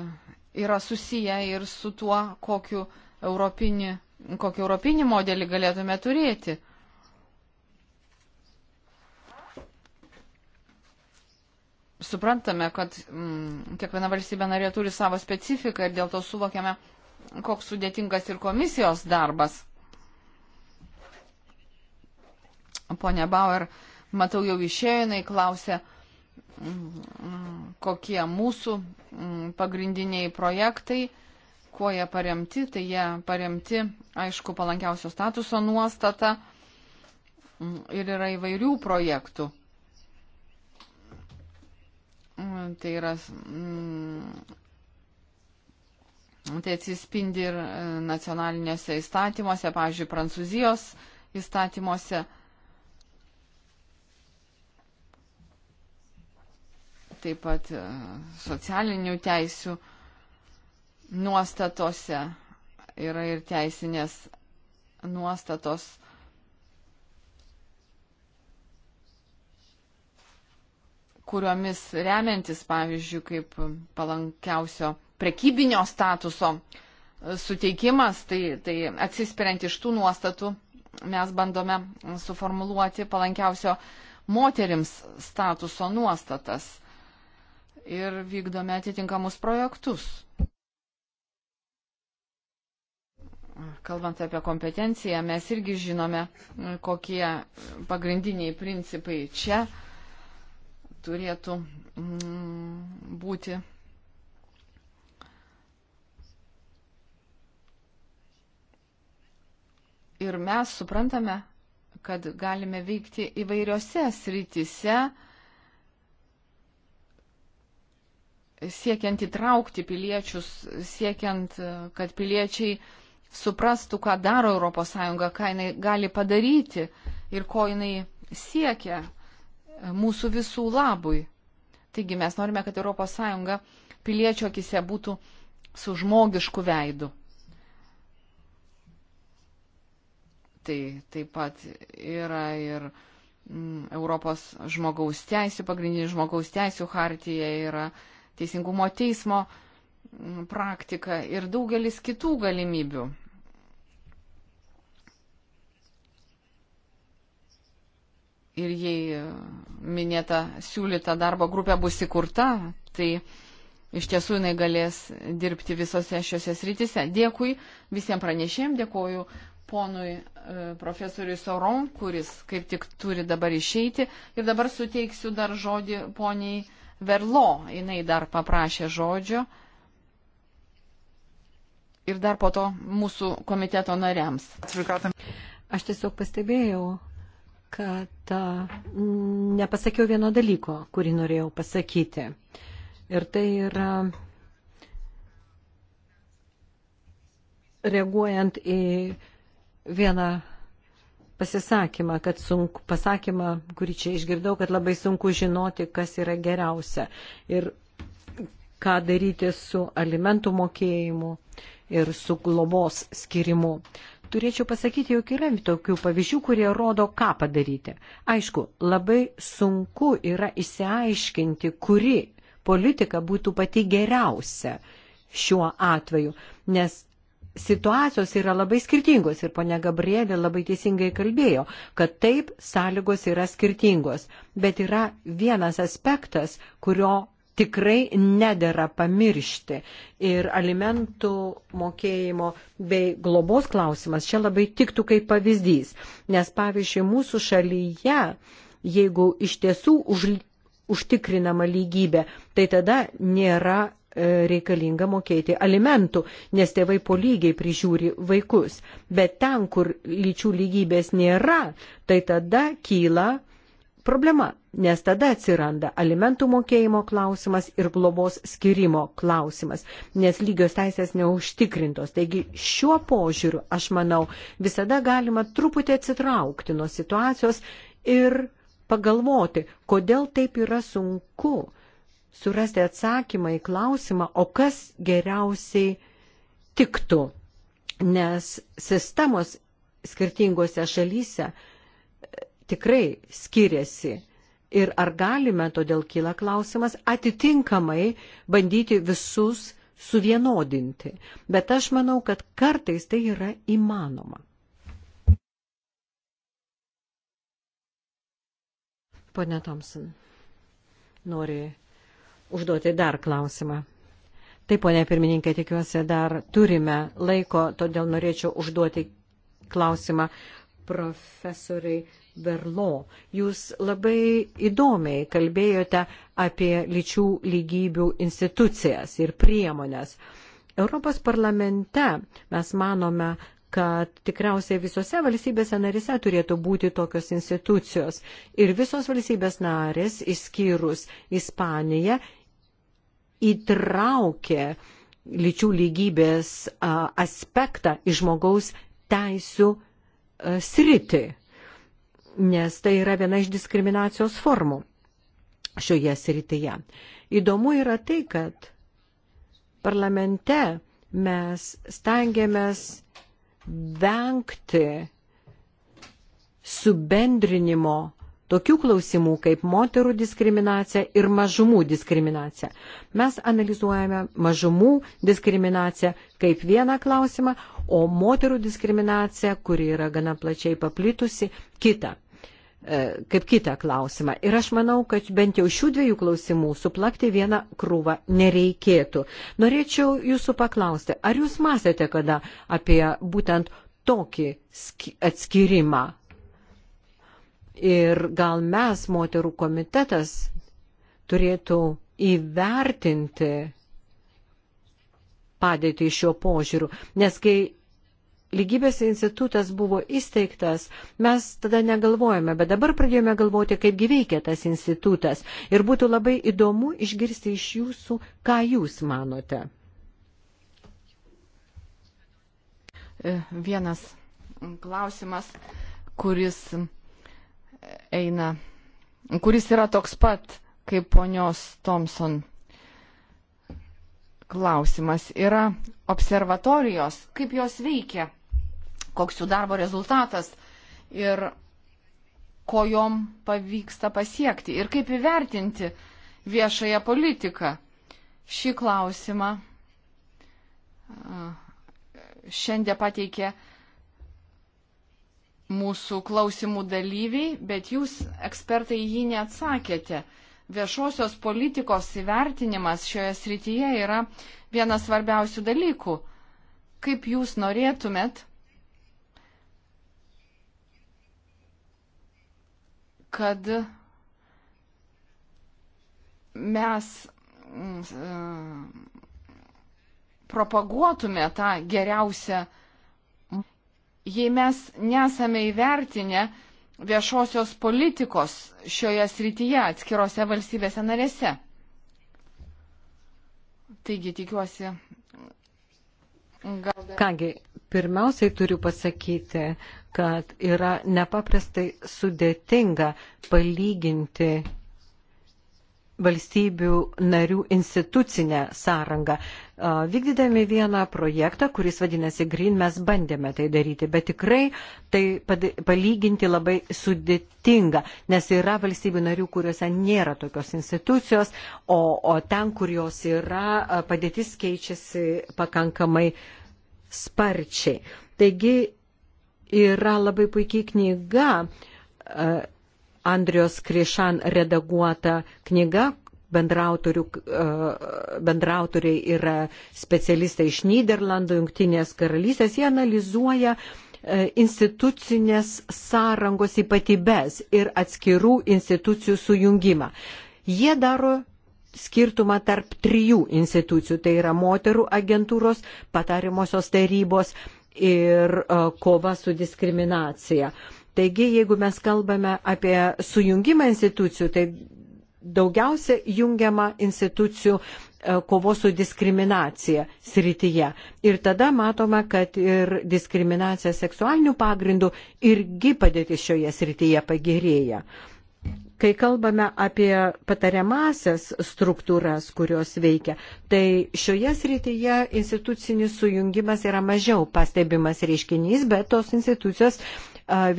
yra susiję ir su tuo, kokiu europinį, kokiu europinį modelį galėtume turėti. suprantame, kad mm, kiekviena valstybė narė turi savo specifiką ir dėl to suvokiame, koks sudėtingas ir komisijos darbas. Pone Bauer, matau jau išėjo, jinai klausė, mm, kokie mūsų mm, pagrindiniai projektai, kuo jie paremti. Tai jie paremti, aišku, palankiausio statuso nuostata mm, ir yra įvairių projektų Tai yra. Mm, tai atsispindi ir e, nacionaliniuose įstatymuose, pavyzdžiui, Prancūzijos įstatymuose. Taip pat e, socialinių teisių nuostatose yra ir teisinės nuostatos kuriomis remiantis, pavyzdžiui, kaip palankiausio prekybinio statuso suteikimas, tai, tai atsispiriant iš tų nuostatų mes bandome suformuluoti palankiausio moterims statuso nuostatas ir vykdome atitinkamus projektus. Kalbant apie kompetenciją, mes irgi žinome, kokie pagrindiniai principai čia turėtų mm, būti. Ir mes suprantame, kad galime veikti įvairiose srityse, siekiant įtraukti piliečius, siekiant, kad piliečiai suprastų, ką daro ES, ką jinai gali padaryti ir ko jinai siekia mūsų visų labui. Taigi mes norime, kad ES piliečio akise būtų su žmogišku veidu. Tai taip pat yra ir mm, Europos žmogaus teisų, pagrindinių žmogaus teisų hartija, yra teisingumo teismo mm, praktika ir daugelis kitų galimybių. ir jei minėta siūlyta darbo grupė bus įkurta, tai iš tiesų jinai galės dirbti visose šiose srityse. Dėkui visiems pranešėjim, dėkoju ponui e, profesoriui Soron, kuris kaip tik turi dabar išeiti. Ir dabar suteiksiu dar žodį poniai Verlo, jinai dar paprašė žodžio. Ir dar po to mūsų komiteto nariams. Aš tiesiog pastebėjau, kad nepasakiau vieno dalyko, kurį norėjau pasakyti. Ir tai yra reaguojant į vieną pasisakymą, kad sunku, pasakymą, kurį čia išgirdau, kad labai sunku žinoti, kas yra geriausia ir ką daryti su alimentų mokėjimu ir su globos skirimu turėčiau pasakyti, jog yra tokių pavyzdžių, kurie rodo, ką padaryti. Aišku, labai sunku yra išsiaiškinti, kuri politika būtų pati geriausia šiuo atveju, nes situacijos yra labai skirtingos ir ponia Gabrielė labai teisingai kalbėjo, kad taip sąlygos yra skirtingos, bet yra vienas aspektas, kurio tikrai nedėra pamiršti. Ir alimentų mokėjimo bei globos klausimas čia labai tiktų kaip pavyzdys. Nes pavyzdžiui, mūsų šalyje, jeigu iš tiesų už, užtikrinama lygybė, tai tada nėra e, reikalinga mokėti alimentų, nes tėvai po lygiai prižiūri vaikus. Bet ten, kur lyčių lygybės nėra, tai tada kyla uh, problema, nes tada atsiranda alimentų mokėjimo klausimas ir globos skirimo klausimas, nes lygios teisės neužtikrintos. Taigi šiuo požiūriu, aš manau, visada galima truputį atsitraukti nuo situacijos ir pagalvoti, kodėl taip yra sunku surasti atsakymą į klausimą, o kas geriausiai tiktų, nes sistemos skirtingose šalyse tikrai skiriasi. Ir ar galime, todėl kyla klausimas, atitinkamai bandyti visus suvienodinti. Bet aš manau, kad kartais tai yra įmanoma. Pone Thompson, nori užduoti dar klausimą. Taip, ponė pirmininkė, tikiuosi, dar turime laiko, todėl norėčiau užduoti klausimą profesoriai Berlo, jūs labai įdomiai kalbėjote apie lyčių lygybių institucijas ir priemonės. Europos parlamente mes manome, kad tikriausiai visose valstybėse narise turėtų būti tokios institucijos. Ir visos valstybės narės, išskyrus Ispaniją, įtraukė lyčių lygybės aspektą į žmogaus teisų sritį nes tai yra viena iš diskriminacijos formų šioje srityje. Įdomu yra tai, kad parlamente mes stengiamės vengti subendrinimo tokių klausimų kaip moterų diskriminacija ir mažumų diskriminacija. Mes analizuojame mažumų diskriminaciją kaip vieną klausimą, o moterų diskriminaciją, kuri yra gana plačiai paplitusi, kitą. E, kaip kitą klausimą. Ir aš manau, kad bent jau šių dviejų klausimų suplakti vieną krūvą nereikėtų. Norėčiau jūsų paklausti, ar jūs mąstėte kada apie būtent tokį atskirimą? Ir gal mes, moterų komitetas, turėtų įvertinti padėtį šio požiūriu, nes kai lygybės institutas buvo įsteigtas, mes tada negalvojame, bet dabar pradėjome galvoti, kaip gyveikia tas institutas. Ir būtų labai įdomu išgirsti iš jūsų, ką jūs manote. E, vienas klausimas, kuris eina, kuris yra toks pat kaip ponios Thompson klausimas yra observatorijos, kaip jos veikia koks jų darbo rezultatas ir ko jom pavyksta pasiekti ir kaip įvertinti viešąją politiką. Šį klausimą šiandien pateikė mūsų klausimų dalyviai, bet jūs, ekspertai, jį neatsakėte. Viešosios politikos įvertinimas šioje srityje yra vienas svarbiausių dalykų. Kaip jūs norėtumėt, kad mes mm, e, propaguotume tą geriausią, jei mes nesame įvertinę viešosios politikos šioje srityje atskirose valstybėse narėse. Taigi tikiuosi. Gal... Kągi, pirmiausiai turiu pasakyti, kad yra nepaprastai sudėtinga palyginti valstybių narių institucinę sąrangą. Vykdydami vieną projektą, kuris vadinasi Green, mes bandėme tai daryti, bet tikrai tai palyginti labai sudėtinga, nes yra valstybių narių, kuriuose nėra tokios institucijos, o, o ten, kur jos yra, padėtis keičiasi pakankamai sparčiai. Taigi yra labai puikiai knyga, e, Andrijos Krišan redaguota knyga, e, bendrautoriai yra specialistai iš Niderlandų, Junktinės karalystės, jie analizuoja e, institucinės sąrangos ypatybės ir atskirų institucijų sujungimą. Jie daro skirtumą tarp trijų institucijų, tai yra moterų agentūros, patariamosios tarybos ir e, kova su diskriminacija. Taigi, jeigu mes kalbame apie sujungimą institucijų, tai daugiausia jungiama institucijų e, kovos su diskriminacija srityje. Ir tada matome, kad ir diskriminacija seksualinių pagrindų irgi padėti šioje srityje pagerėja. Kai kalbame apie patariamasias struktūras, kurios veikia, tai šioje srityje institucinis sujungimas yra mažiau pastebimas reiškinys, bet tos institucijos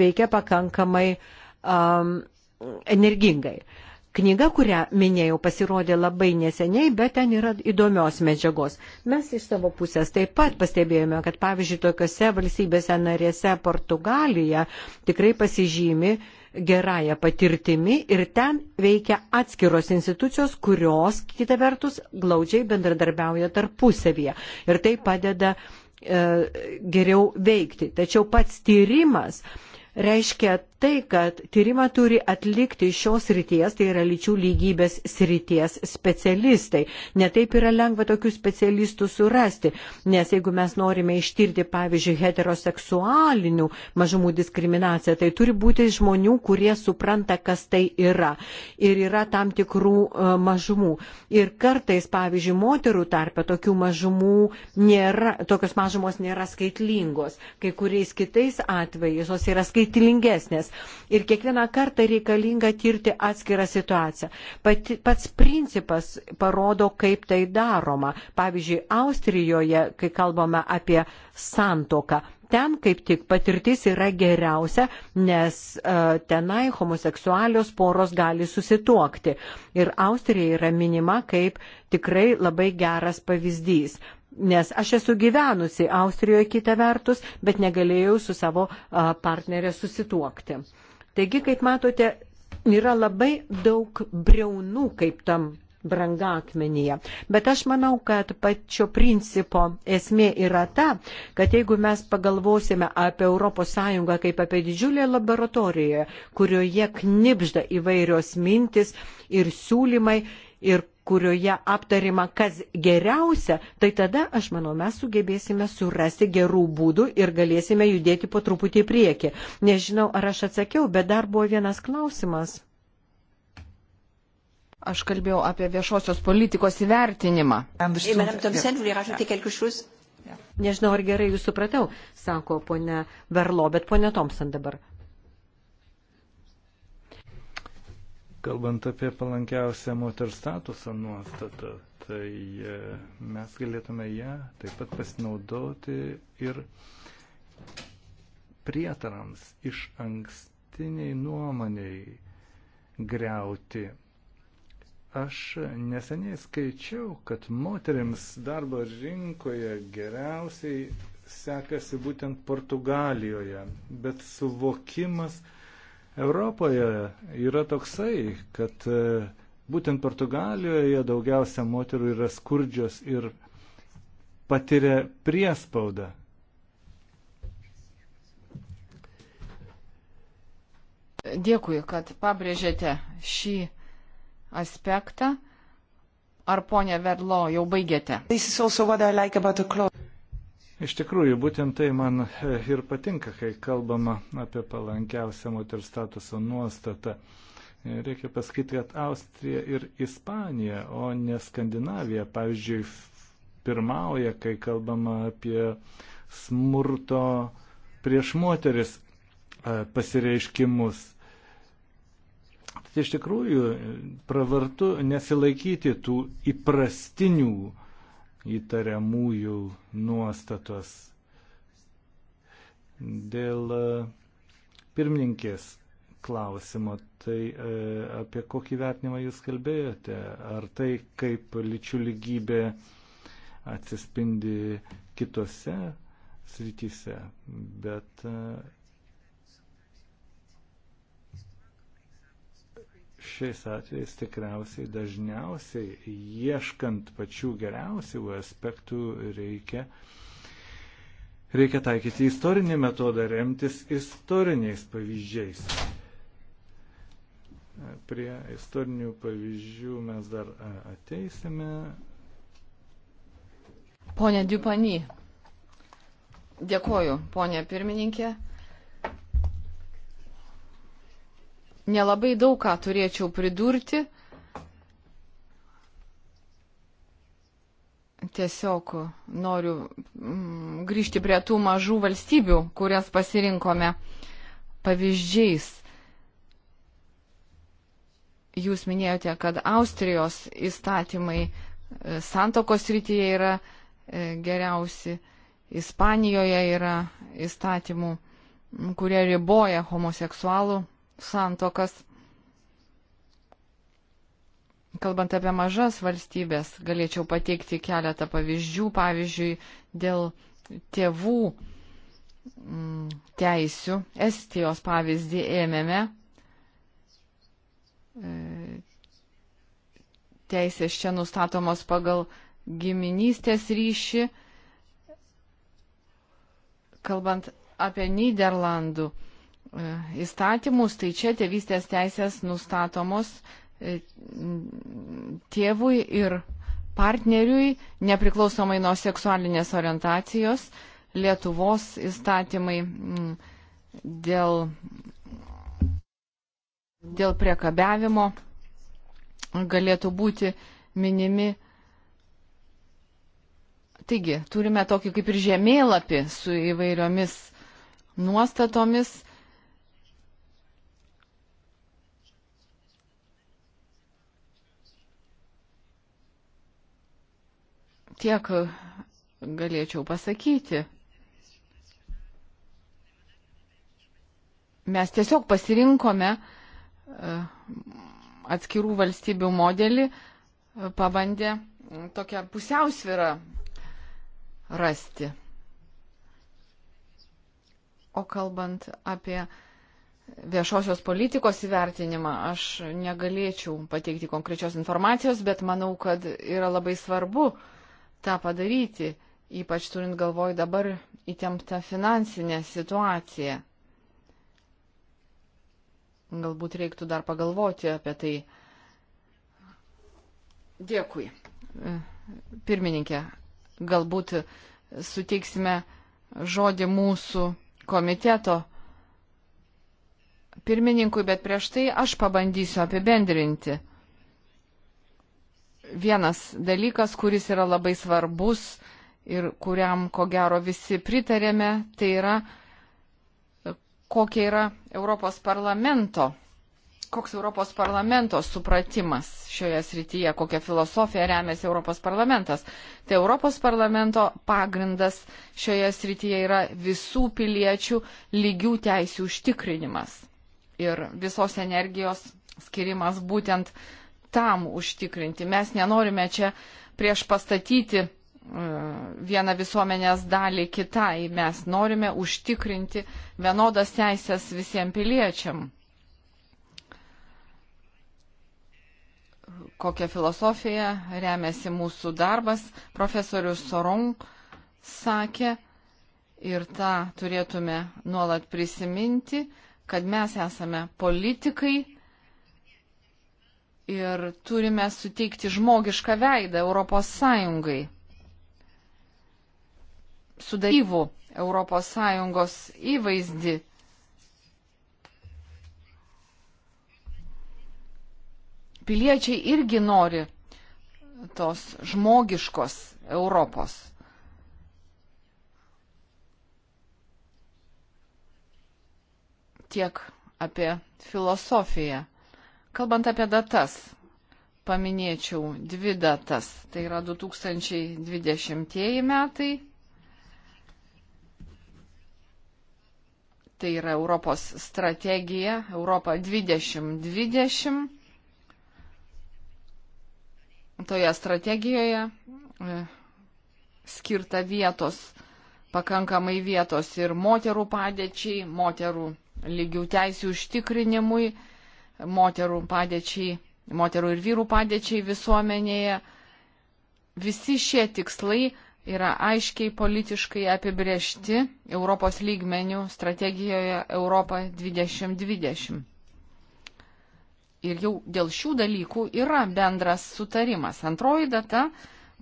veikia pakankamai um, energingai. Uh, Knyga, kurią minėjau, pasirodė labai neseniai, bet ten yra įdomios medžiagos. Mes iš savo pusės taip pat pastebėjome, kad pavyzdžiui, tokiuose valstybėse narėse Portugalija tikrai pasižymi gerąją patirtimi ir ten veikia atskiros institucijos, kurios, kita vertus, glaudžiai bendradarbiauja tarpusavyje. Ir tai padeda e, geriau veikti. Tačiau pats tyrimas reiškia tai, kad tyrimą turi atlikti šios ryties, tai yra lyčių lygybės ryties specialistai. Netaip yra lengva tokių specialistų surasti, nes jeigu mes norime ištirti, pavyzdžiui, heteroseksualinių mažumų diskriminaciją, tai turi būti žmonių, kurie supranta, kas tai yra. Ir yra tam tikrų e, mažumų. Ir kartais, pavyzdžiui, moterų tarpe tokių mažumų nėra, tokios mažumos nėra skaitlingos. Kai kuriais kitais atvejais jos yra skaitlingesnės ir kiekvieną kartą reikalinga tirti atskirą situaciją. Pati, pats principas parodo, kaip tai daroma. Pavyzdžiui, Austrijoje, kai kalbame apie santoką, ten kaip tik patirtis yra geriausia, nes uh, tenai homoseksualios poros gali susituokti. Ir Austrija yra minima kaip tikrai labai geras pavyzdys nes aš esu gyvenusi Austrijoje kitą vertus, bet negalėjau su savo partnerė susituokti. Taigi, kaip matote, yra labai daug breunų kaip tam brangakmenyje. Bet aš manau, kad pačio principo esmė yra ta, kad jeigu mes pagalvosime apie ES kaip apie didžiulę laboratoriją, kurioje knibžda įvairios mintis ir siūlymai ir kurioje aptarima, kas geriausia, tai tada, aš manau, mes sugebėsime surasti gerų būdų ir galėsime judėti po truputį į priekį. Nežinau, ar aš atsakiau, bet dar buvo vienas klausimas. Aš kalbėjau apie viešosios politikos įvertinimą. Nežinau, ar gerai jūs supratau, sako ponia Verlo, bet ponia Thompson dabar. Kalbant apie palankiausią moters statusą nuostatą, tai e, mes galėtume ją taip pat pasinaudoti ir prietarams iš ankstiniai nuomoniai greuti. Aš neseniai skaičiau, kad moteriams darbo rinkoje geriausiai sekasi būtent Portugalijoje, bet suvokimas, Europoje yra toksai, kad e, būtent Portugalijoje daugiausia moterų yra skurdžios ir patiria priespaudą. Dėkui, kad pabrėžėte šį aspektą. Ar ponia Verlo jau baigėte? Like Iš tikrųjų, būtent tai man e, ir patinka, kai kalbama apie palankiausią moters statuso nuostatą. E, reikia pasakyti, kad Austrija ir Ispanija, o ne Skandinavija, pavyzdžiui, pirmauja, kai kalbama apie smurto prieš moteris e, pasireiškimus. Tai iš tikrųjų pravartu nesilaikyti tų įprastinių įtariamųjų nuostatos. Dėl e, pirmininkės klausimo, tai e, apie kokį vertinimą jūs kalbėjote? Ar tai kaip lyčių lygybė atsispindi kitose srityse? Bet e, šiais atvejais tikriausiai dažniausiai ieškant pačių geriausių aspektų reikia, reikia taikyti istorinį metodą, remtis istoriniais pavyzdžiais. Prie istorinių pavyzdžių mes dar ateisime. Pone Dupany, dėkoju, ponė pirmininkė. nelabai daug ką turėčiau pridurti. Tiesiog noriu mm, grįžti prie tų mažų valstybių, kurias pasirinkome pavyzdžiais. Jūs minėjote, kad Austrijos įstatymai e, santokos rytyje yra e, geriausi, Ispanijoje yra įstatymų, kurie riboja homoseksualų santokas. Kalbant apie mažas valstybės, galėčiau pateikti keletą pavyzdžių. Pavyzdžiui, dėl tėvų mm, teisių. Estijos pavyzdį ėmėme. E, teisės čia nustatomos pagal giminystės ryšį. Kalbant apie Niderlandų E, įstatymus, tai čia tėvystės teisės nustatomos e, tėvui ir partneriui, nepriklausomai nuo seksualinės orientacijos, Lietuvos įstatymai dėl, dėl priekabiavimo galėtų būti minimi. Taigi, turime tokį kaip ir žemėlapį su įvairiomis nuostatomis Tiek galėčiau pasakyti. Mes tiesiog pasirinkome e, atskirų valstybių modelį, e, pabandė tokią pusiausvyrą rasti. O kalbant apie viešosios politikos įvertinimą, aš negalėčiau pateikti konkrečios informacijos, bet manau, kad yra labai svarbu uh, tą padaryti, ypač turint galvoj dabar įtemptą finansinę situaciją. Galbūt reiktų dar pagalvoti apie tai. Dėkui. Pirmininkė, galbūt suteiksime žodį mūsų komiteto pirmininkui, bet prieš tai aš pabandysiu apibendrinti vienas dalykas, kuris yra labai svarbus ir kuriam, ko gero, visi pritarėme, tai yra, kokia yra Europos parlamento, koks Europos parlamento supratimas šioje srityje, kokią filosofiją remiasi Europos parlamentas. Tai Europos parlamento pagrindas šioje srityje yra visų piliečių lygių teisų užtikrinimas ir visos energijos skirimas būtent tam užtikrinti. Mes nenorime čia prieš pastatyti e, vieną visuomenės dalį kitai. Mes norime užtikrinti vienodas teisės visiems piliečiam. Kokią filosofiją remiasi mūsų darbas, profesorius Sorong sakė, ir tą turėtume nuolat prisiminti, kad mes esame politikai ir turime suteikti žmogišką veidą Europos Sąjungai. Sudaryvų Europos Sąjungos įvaizdį. Piliečiai irgi nori tos žmogiškos Europos. Tiek apie filosofiją. Kalbant apie datas, paminėčiau dvi datas. Tai yra 2020 metai. Tai yra Europos strategija Europa 2020. Toje strategijoje e, skirta vietos, pakankamai vietos ir moterų padėčiai, moterų lygių teisų užtikrinimui moterų padėčiai, moterų ir vyrų padėčiai visuomenėje. Visi šie tikslai yra aiškiai politiškai apibriešti Europos lygmenių strategijoje Europa 2020. Ir jau dėl šių dalykų yra bendras sutarimas. Antroji data,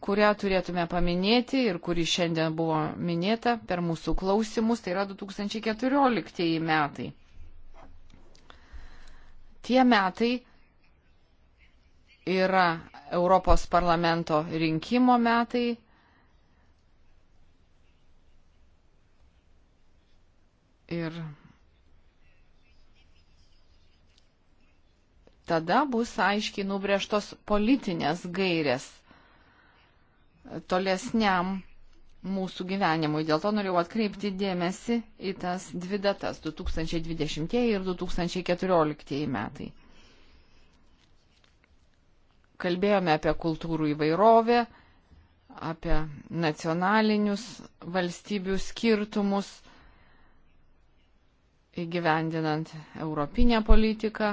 kurią turėtume paminėti ir kuri šiandien buvo minėta per mūsų klausimus, tai yra 2014 metai. Tie metai yra Europos parlamento rinkimo metai. Ir tada bus aiškiai nubrėžtos politinės gairės tolesniam mūsų gyvenimui. Dėl to norėjau atkreipti dėmesį į tas dvi datas - 2020 ir 2014 metai. Kalbėjome apie kultūrų įvairovę, apie nacionalinius valstybių skirtumus įgyvendinant europinę politiką.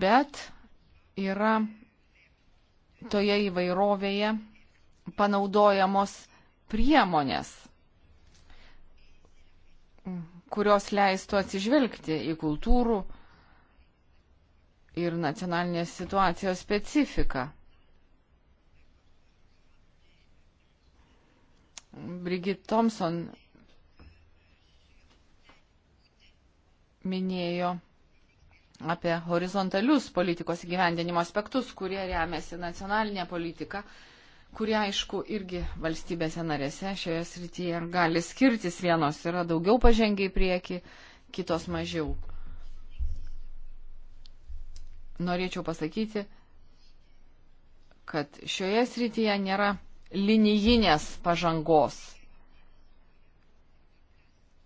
Bet yra toje įvairovėje panaudojamos priemonės, kurios leistų atsižvelgti į kultūrų ir nacionalinės situacijos specifiką. Brigit Thompson minėjo apie horizontalius politikos įgyvendinimo aspektus, kurie remiasi nacionalinė politika, kurie aišku irgi valstybėse narėse šioje srityje gali skirtis vienos yra daugiau pažengiai prieki, kitos mažiau. Norėčiau pasakyti, kad šioje srityje nėra linijinės pažangos.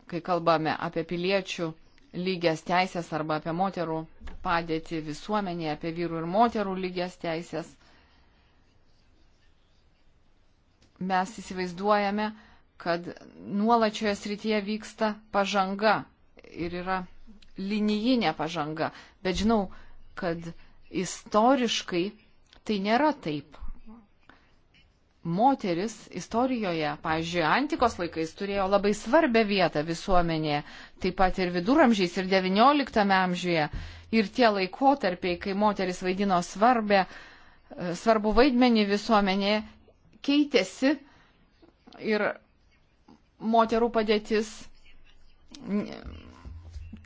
Kai kalbame apie piliečių lygias teisės arba apie moterų padėtį visuomenėje, apie vyrų ir moterų lygias teisės. Mes įsivaizduojame, kad nuolat šioje srityje vyksta pažanga ir yra linijinė pažanga, bet žinau, kad istoriškai tai nėra taip moteris istorijoje, pavyzdžiui, antikos laikais turėjo labai svarbę vietą visuomenėje, taip pat ir viduramžiais, ir XIX amžiuje. Ir tie laikotarpiai, kai moteris vaidino svarbę, e, svarbu vaidmenį visuomenėje, keitėsi ir moterų padėtis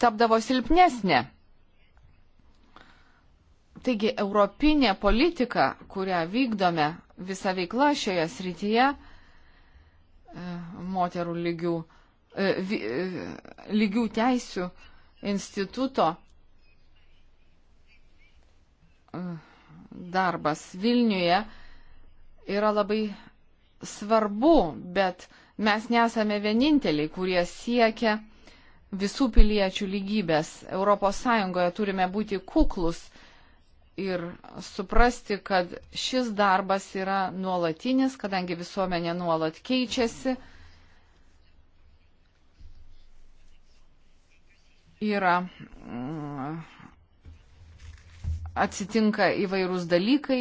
tapdavo silpnesnė. Taigi, europinė politika, kurią vykdome, visa veikla šioje srityje, e, moterų lygių, e, e, lygių teisių instituto darbas Vilniuje yra labai svarbu, bet mes nesame vieninteliai, kurie siekia visų piliečių lygybės. ES turime būti kuklus ir suprasti, kad šis darbas yra nuolatinis, kadangi visuomenė nuolat keičiasi. Yra mm, atsitinka įvairūs dalykai,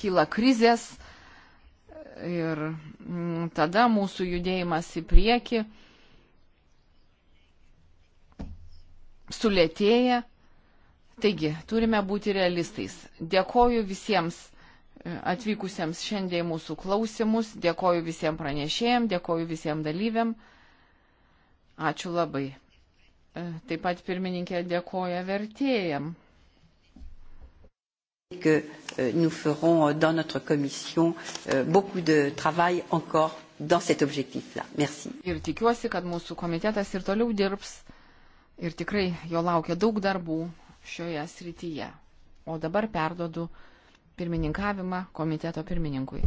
kyla krizės ir mm, tada mūsų judėjimas į priekį sulėtėja. Taigi, turime būti realistais. Dėkoju visiems e, atvykusiems šiandien į mūsų klausimus, dėkoju visiems pranešėjams, dėkoju visiems dalyviam. Ačiū labai. E, taip pat pirmininkė dėkoja vertėjam. que e, nous ferons euh, dans notre commission euh, beaucoup de travail encore dans cet objectif-là. Merci. Ir tikiuosi, kad mūsų komitetas ir toliau dirbs ir tikrai jo laukia daug darbų šioje srityje. O dabar perdodu pirmininkavimą komiteto pirmininkui.